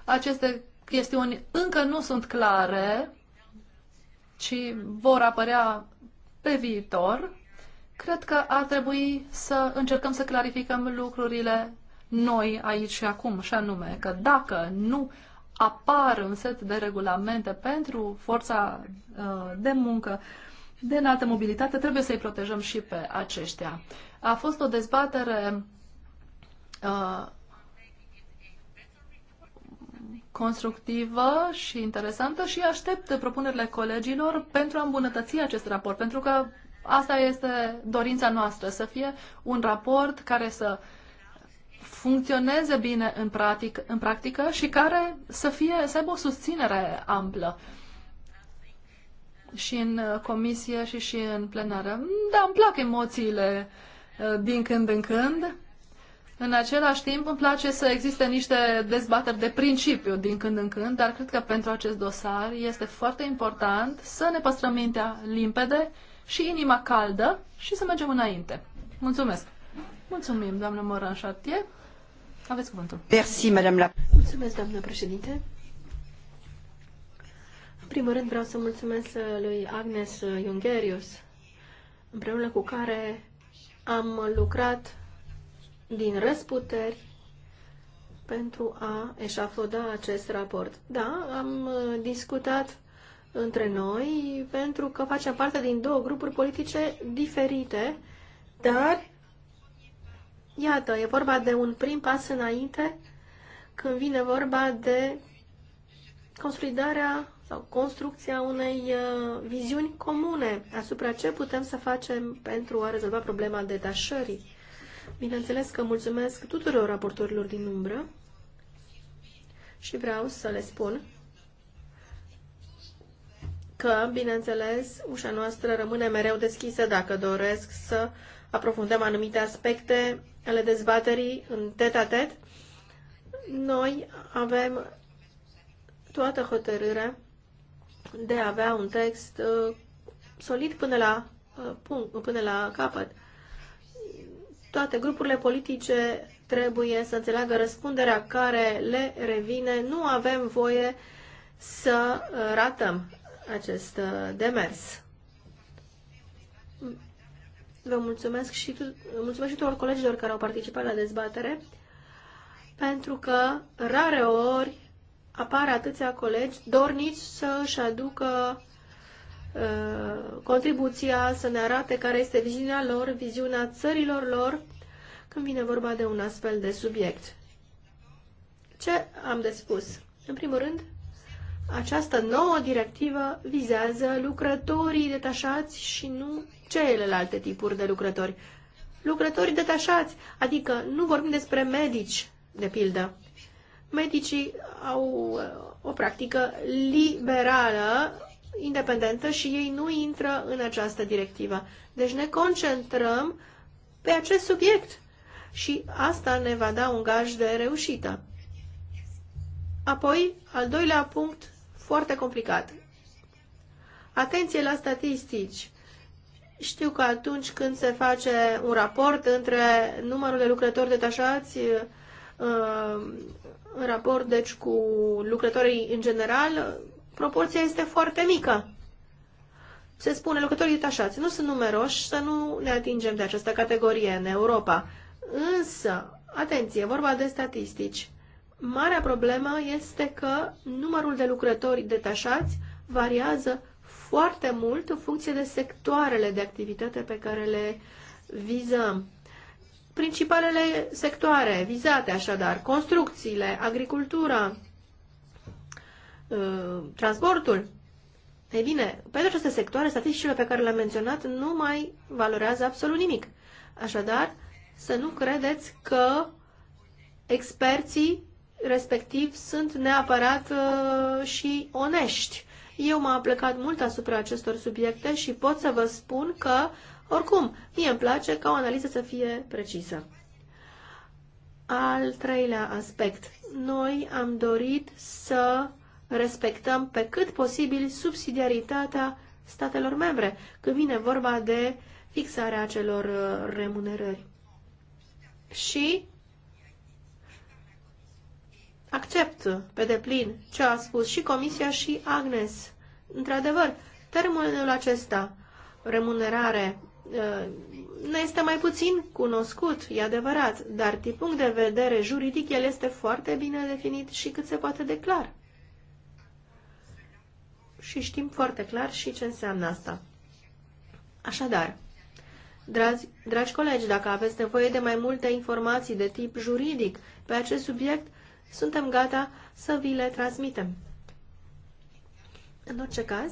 aceste chestiuni încă nu sunt clare și vor apărea pe viitor, cred că ar trebui să încercăm să clarificăm lucrurile noi aici și acum, și anume că dacă nu apar un set de regulamente pentru forța uh, de muncă de înaltă mobilitate, trebuie să-i protejăm și pe aceștia. A fost o dezbatere uh, constructivă și interesantă și aștept propunerile colegilor pentru a îmbunătăți acest raport, pentru că asta este dorința noastră, să fie un raport care să funcționeze bine în, practic, în practică și care să, fie, să aibă o susținere amplă. Uh, și în uh, comisie și și în plenară. Da, îmi plac emoțiile uh, din când în când. În același timp îmi place să existe niște dezbateri de principiu din când în când, dar cred că pentru acest dosar este foarte important să ne păstrăm mintea limpede și inima caldă și să mergem înainte. Mulțumesc! Mulțumim, doamnă Moran Chartier. Aveți cuvântul. Merci, madame la... Mulțumesc, doamnă președinte primul rând vreau să mulțumesc lui Agnes Jungerius, împreună cu care am lucrat din răsputeri pentru a eșafoda acest raport. Da, am discutat între noi pentru că facem parte din două grupuri politice diferite, dar iată, e vorba de un prim pas înainte când vine vorba de consolidarea sau construcția unei uh, viziuni comune asupra ce putem să facem pentru a rezolva problema detașării. Bineînțeles că mulțumesc tuturor raportorilor din umbră și vreau să le spun că, bineînțeles, ușa noastră rămâne mereu deschisă dacă doresc să aprofundăm anumite aspecte ale dezbaterii în tet-a-tet. -tet. Noi avem toată hotărârea de a avea un text uh, solid până la, uh, punct, până la capăt. Toate grupurile politice trebuie să înțeleagă răspunderea care le revine. Nu avem voie să uh, ratăm acest demers. Vă mulțumesc și, tu, mulțumesc și tuturor colegilor care au participat la dezbatere, pentru că rare ori apar atâția colegi dorniți să își aducă uh, contribuția, să ne arate care este viziunea lor, viziunea țărilor lor, când vine vorba de un astfel de subiect. Ce am de spus? În primul rând, această nouă directivă vizează lucrătorii detașați și nu celelalte tipuri de lucrători. Lucrătorii detașați, adică nu vorbim despre medici, de pildă. Medicii au uh, o practică liberală, independentă și ei nu intră în această directivă. Deci ne concentrăm pe acest subiect și asta ne va da un gaj de reușită. Apoi, al doilea punct foarte complicat. Atenție la statistici. Știu că atunci când se face un raport între numărul de lucrători detașați uh, în raport deci cu lucrătorii în general, proporția este foarte mică. Se spune lucrătorii detașați nu sunt numeroși, să nu ne atingem de această categorie în Europa. Însă, atenție, vorba de statistici. Marea problemă este că numărul de lucrători detașați variază foarte mult în funcție de sectoarele de activitate pe care le vizăm. Principalele sectoare vizate, așadar, construcțiile, agricultura, uh, transportul. Ei bine, pentru aceste sectoare, statisticile pe care le-am menționat nu mai valorează absolut nimic. Așadar, să nu credeți că experții respectiv sunt neapărat uh, și onești. Eu m-am plecat mult asupra acestor subiecte și pot să vă spun că oricum, mie îmi place ca o analiză să fie precisă. Al treilea aspect. Noi am dorit să respectăm pe cât posibil subsidiaritatea statelor membre când vine vorba de fixarea acelor uh, remunerări. Și accept pe deplin ce a spus și Comisia și Agnes. Într-adevăr, termenul acesta, remunerare Uh, ne este mai puțin cunoscut, e adevărat, dar din punct de vedere juridic el este foarte bine definit și cât se poate de clar. Și știm foarte clar și ce înseamnă asta. Așadar, dragi, dragi colegi, dacă aveți nevoie de mai multe informații de tip juridic pe acest subiect, suntem gata să vi le transmitem. În orice caz,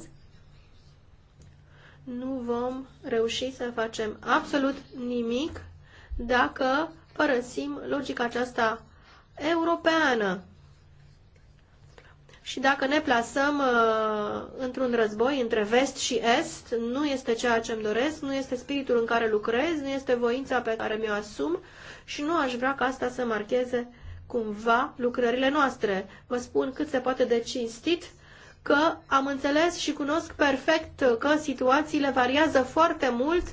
nu vom reuși să facem absolut nimic dacă părăsim logica aceasta europeană și dacă ne plasăm uh, într-un război între vest și est, nu este ceea ce îmi doresc, nu este spiritul în care lucrez, nu este voința pe care mi-o asum și nu aș vrea ca asta să marcheze cumva lucrările noastre. Vă spun cât se poate de cinstit că am înțeles și cunosc perfect că situațiile variază foarte mult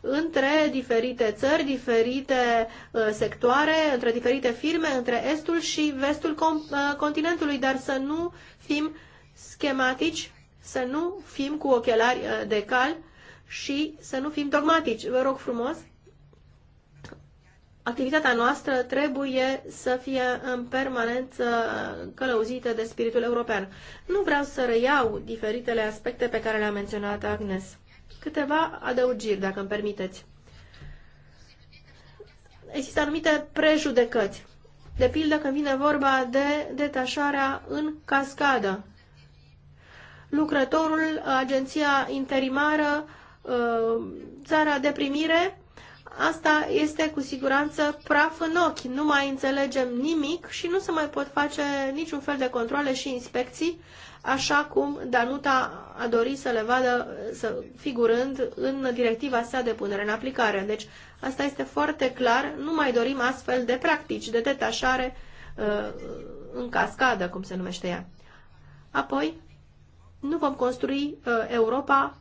între diferite țări, diferite uh, sectoare, între diferite firme, între estul și vestul uh, continentului, dar să nu fim schematici, să nu fim cu ochelari uh, de cal și să nu fim dogmatici. Vă rog frumos activitatea noastră trebuie să fie în permanență călăuzită de spiritul european. Nu vreau să reiau diferitele aspecte pe care le-a menționat Agnes. Câteva adăugiri, dacă îmi permiteți. Există anumite prejudecăți. De pildă când vine vorba de detașarea în cascadă. Lucrătorul, agenția interimară, ă, țara de primire asta este cu siguranță praf în ochi. Nu mai înțelegem nimic și nu se mai pot face niciun fel de controle și inspecții, așa cum Danuta a dorit să le vadă să, figurând în directiva sa de punere în aplicare. Deci asta este foarte clar, nu mai dorim astfel de practici de detașare uh, în cascadă, cum se numește ea. Apoi, nu vom construi uh, Europa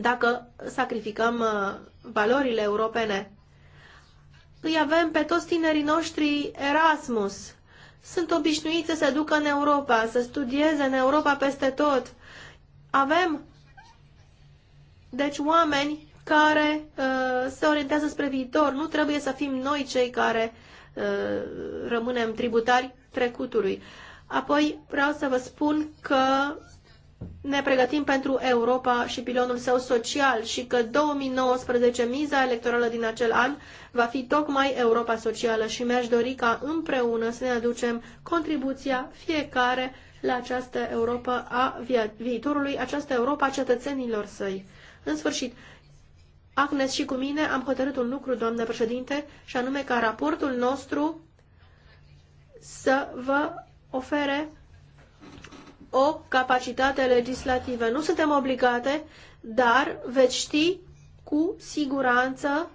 dacă sacrificăm uh, valorile europene. Îi avem pe toți tinerii noștri Erasmus. Sunt obișnuiți să se ducă în Europa, să studieze în Europa peste tot. Avem, deci, oameni care uh, se orientează spre viitor. Nu trebuie să fim noi cei care uh, rămânem tributari trecutului. Apoi vreau să vă spun că ne pregătim pentru Europa și pilonul său social și că 2019 miza electorală din acel an va fi tocmai Europa socială și mi-aș dori ca împreună să ne aducem contribuția fiecare la această Europa a viitorului, această Europa a cetățenilor săi. În sfârșit, Agnes și cu mine am hotărât un lucru, doamnă președinte, și anume ca raportul nostru să vă ofere o capacitate legislativă. Nu suntem obligate, dar veți ști cu siguranță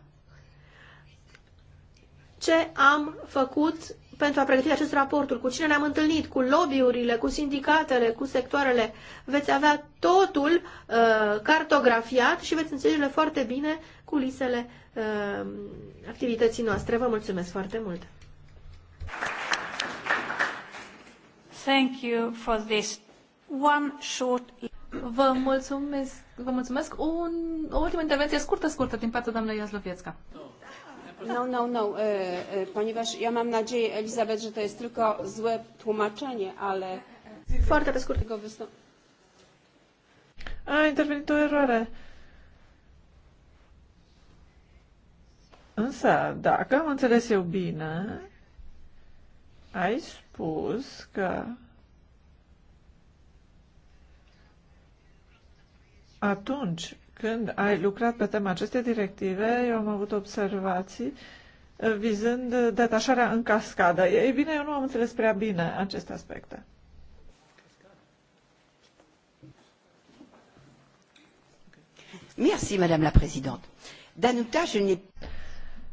ce am făcut pentru a pregăti acest raport, cu cine ne-am întâlnit, cu lobbyurile, cu sindicatele, cu sectoarele. Veți avea totul uh, cartografiat și veți înțelege foarte bine culisele uh, activității noastre. Vă mulțumesc foarte mult! Thank you for this one short... Vă mulțumesc, vă mulțumesc. Un, o ultimă intervenție scurtă, scurtă din partea doamnei Jazlowiecka. No, no, no, e, e, ponieważ ja mam nadzieję, Elizabeth, że to jest tylko złe tłumaczenie, ale... Foarte pe scurt. A intervenit o eroare. Însă, dacă am înțeles eu bine, ai spus că Atunci când ai lucrat pe tema acestei directive, eu am avut observații eh, vizând detașarea în cascadă. Ei bine, eu nu am înțeles prea bine aceste aspecte. Merci, Madame la Présidente. Danuta, je n'ai...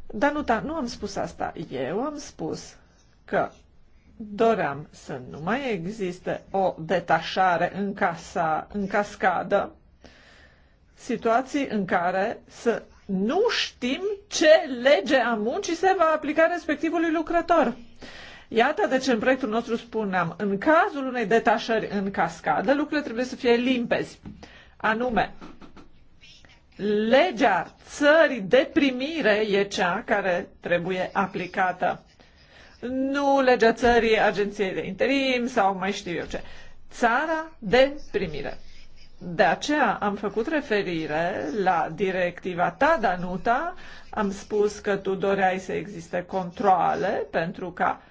Danuta, nu am spus asta. Eu am spus că doream să nu mai existe o detașare în, casa, în cascadă situații în care să nu știm ce lege a muncii se va aplica respectivului lucrător. Iată de ce în proiectul nostru spuneam, în cazul unei detașări în cascadă, lucrurile trebuie să fie limpezi. Anume, legea țării de primire e cea care trebuie aplicată. Nu legea țării agenției de interim sau mai știu eu ce. Țara de primire. De aceea am făcut referire la directiva ta, Danuta, am spus că tu doreai să existe controle pentru ca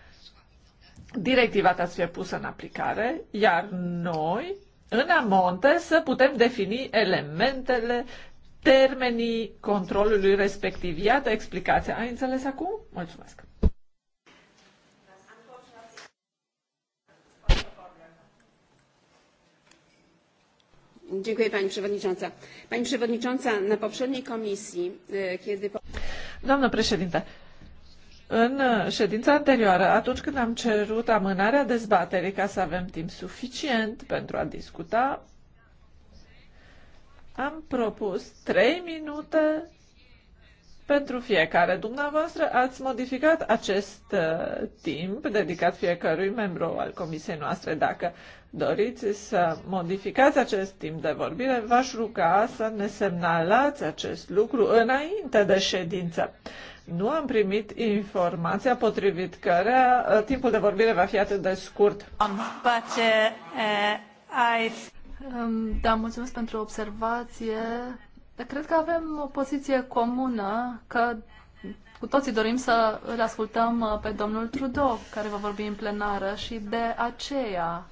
directiva ta să fie pusă în aplicare, iar noi, în amonte, să putem defini elementele, termenii controlului respectiv. Iată explicația. Ai înțeles acum? Mulțumesc! Pani Przewodnicząca. Pani Przewodnicząca, na poprzedniej kiedy... Doamnă președinte, în ședința anterioară, atunci când am cerut amânarea dezbaterii ca să avem timp suficient pentru a discuta, am propus trei minute pentru fiecare. Dumneavoastră ați modificat acest uh, timp dedicat fiecărui membru al comisiei noastre. Dacă doriți să modificați acest timp de vorbire, v-aș ruga să ne semnalați acest lucru înainte de ședință. Nu am primit informația potrivit care uh, timpul de vorbire va fi atât de scurt. face, um, uh, uh um, Da, mulțumesc pentru observație. Dar cred că avem o poziție comună că cu toții dorim să îl ascultăm uh, pe domnul Trudeau, care va vorbi în plenară și de aceea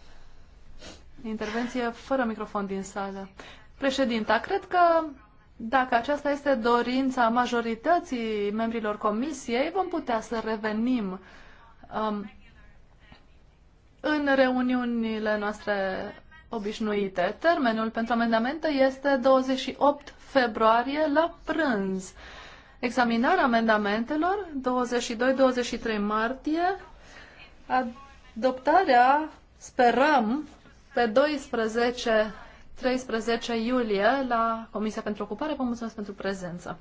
intervenție fără microfon din sală. Președinta, cred că dacă aceasta este dorința majorității membrilor comisiei, vom putea să revenim um, în reuniunile noastre obișnuite. Termenul pentru amendamente este 28 februarie la prânz. Examinarea amendamentelor 22-23 martie, adoptarea sperăm pe 12 13 iulie la Comisia pentru Ocupare. Vă mulțumesc pentru prezență.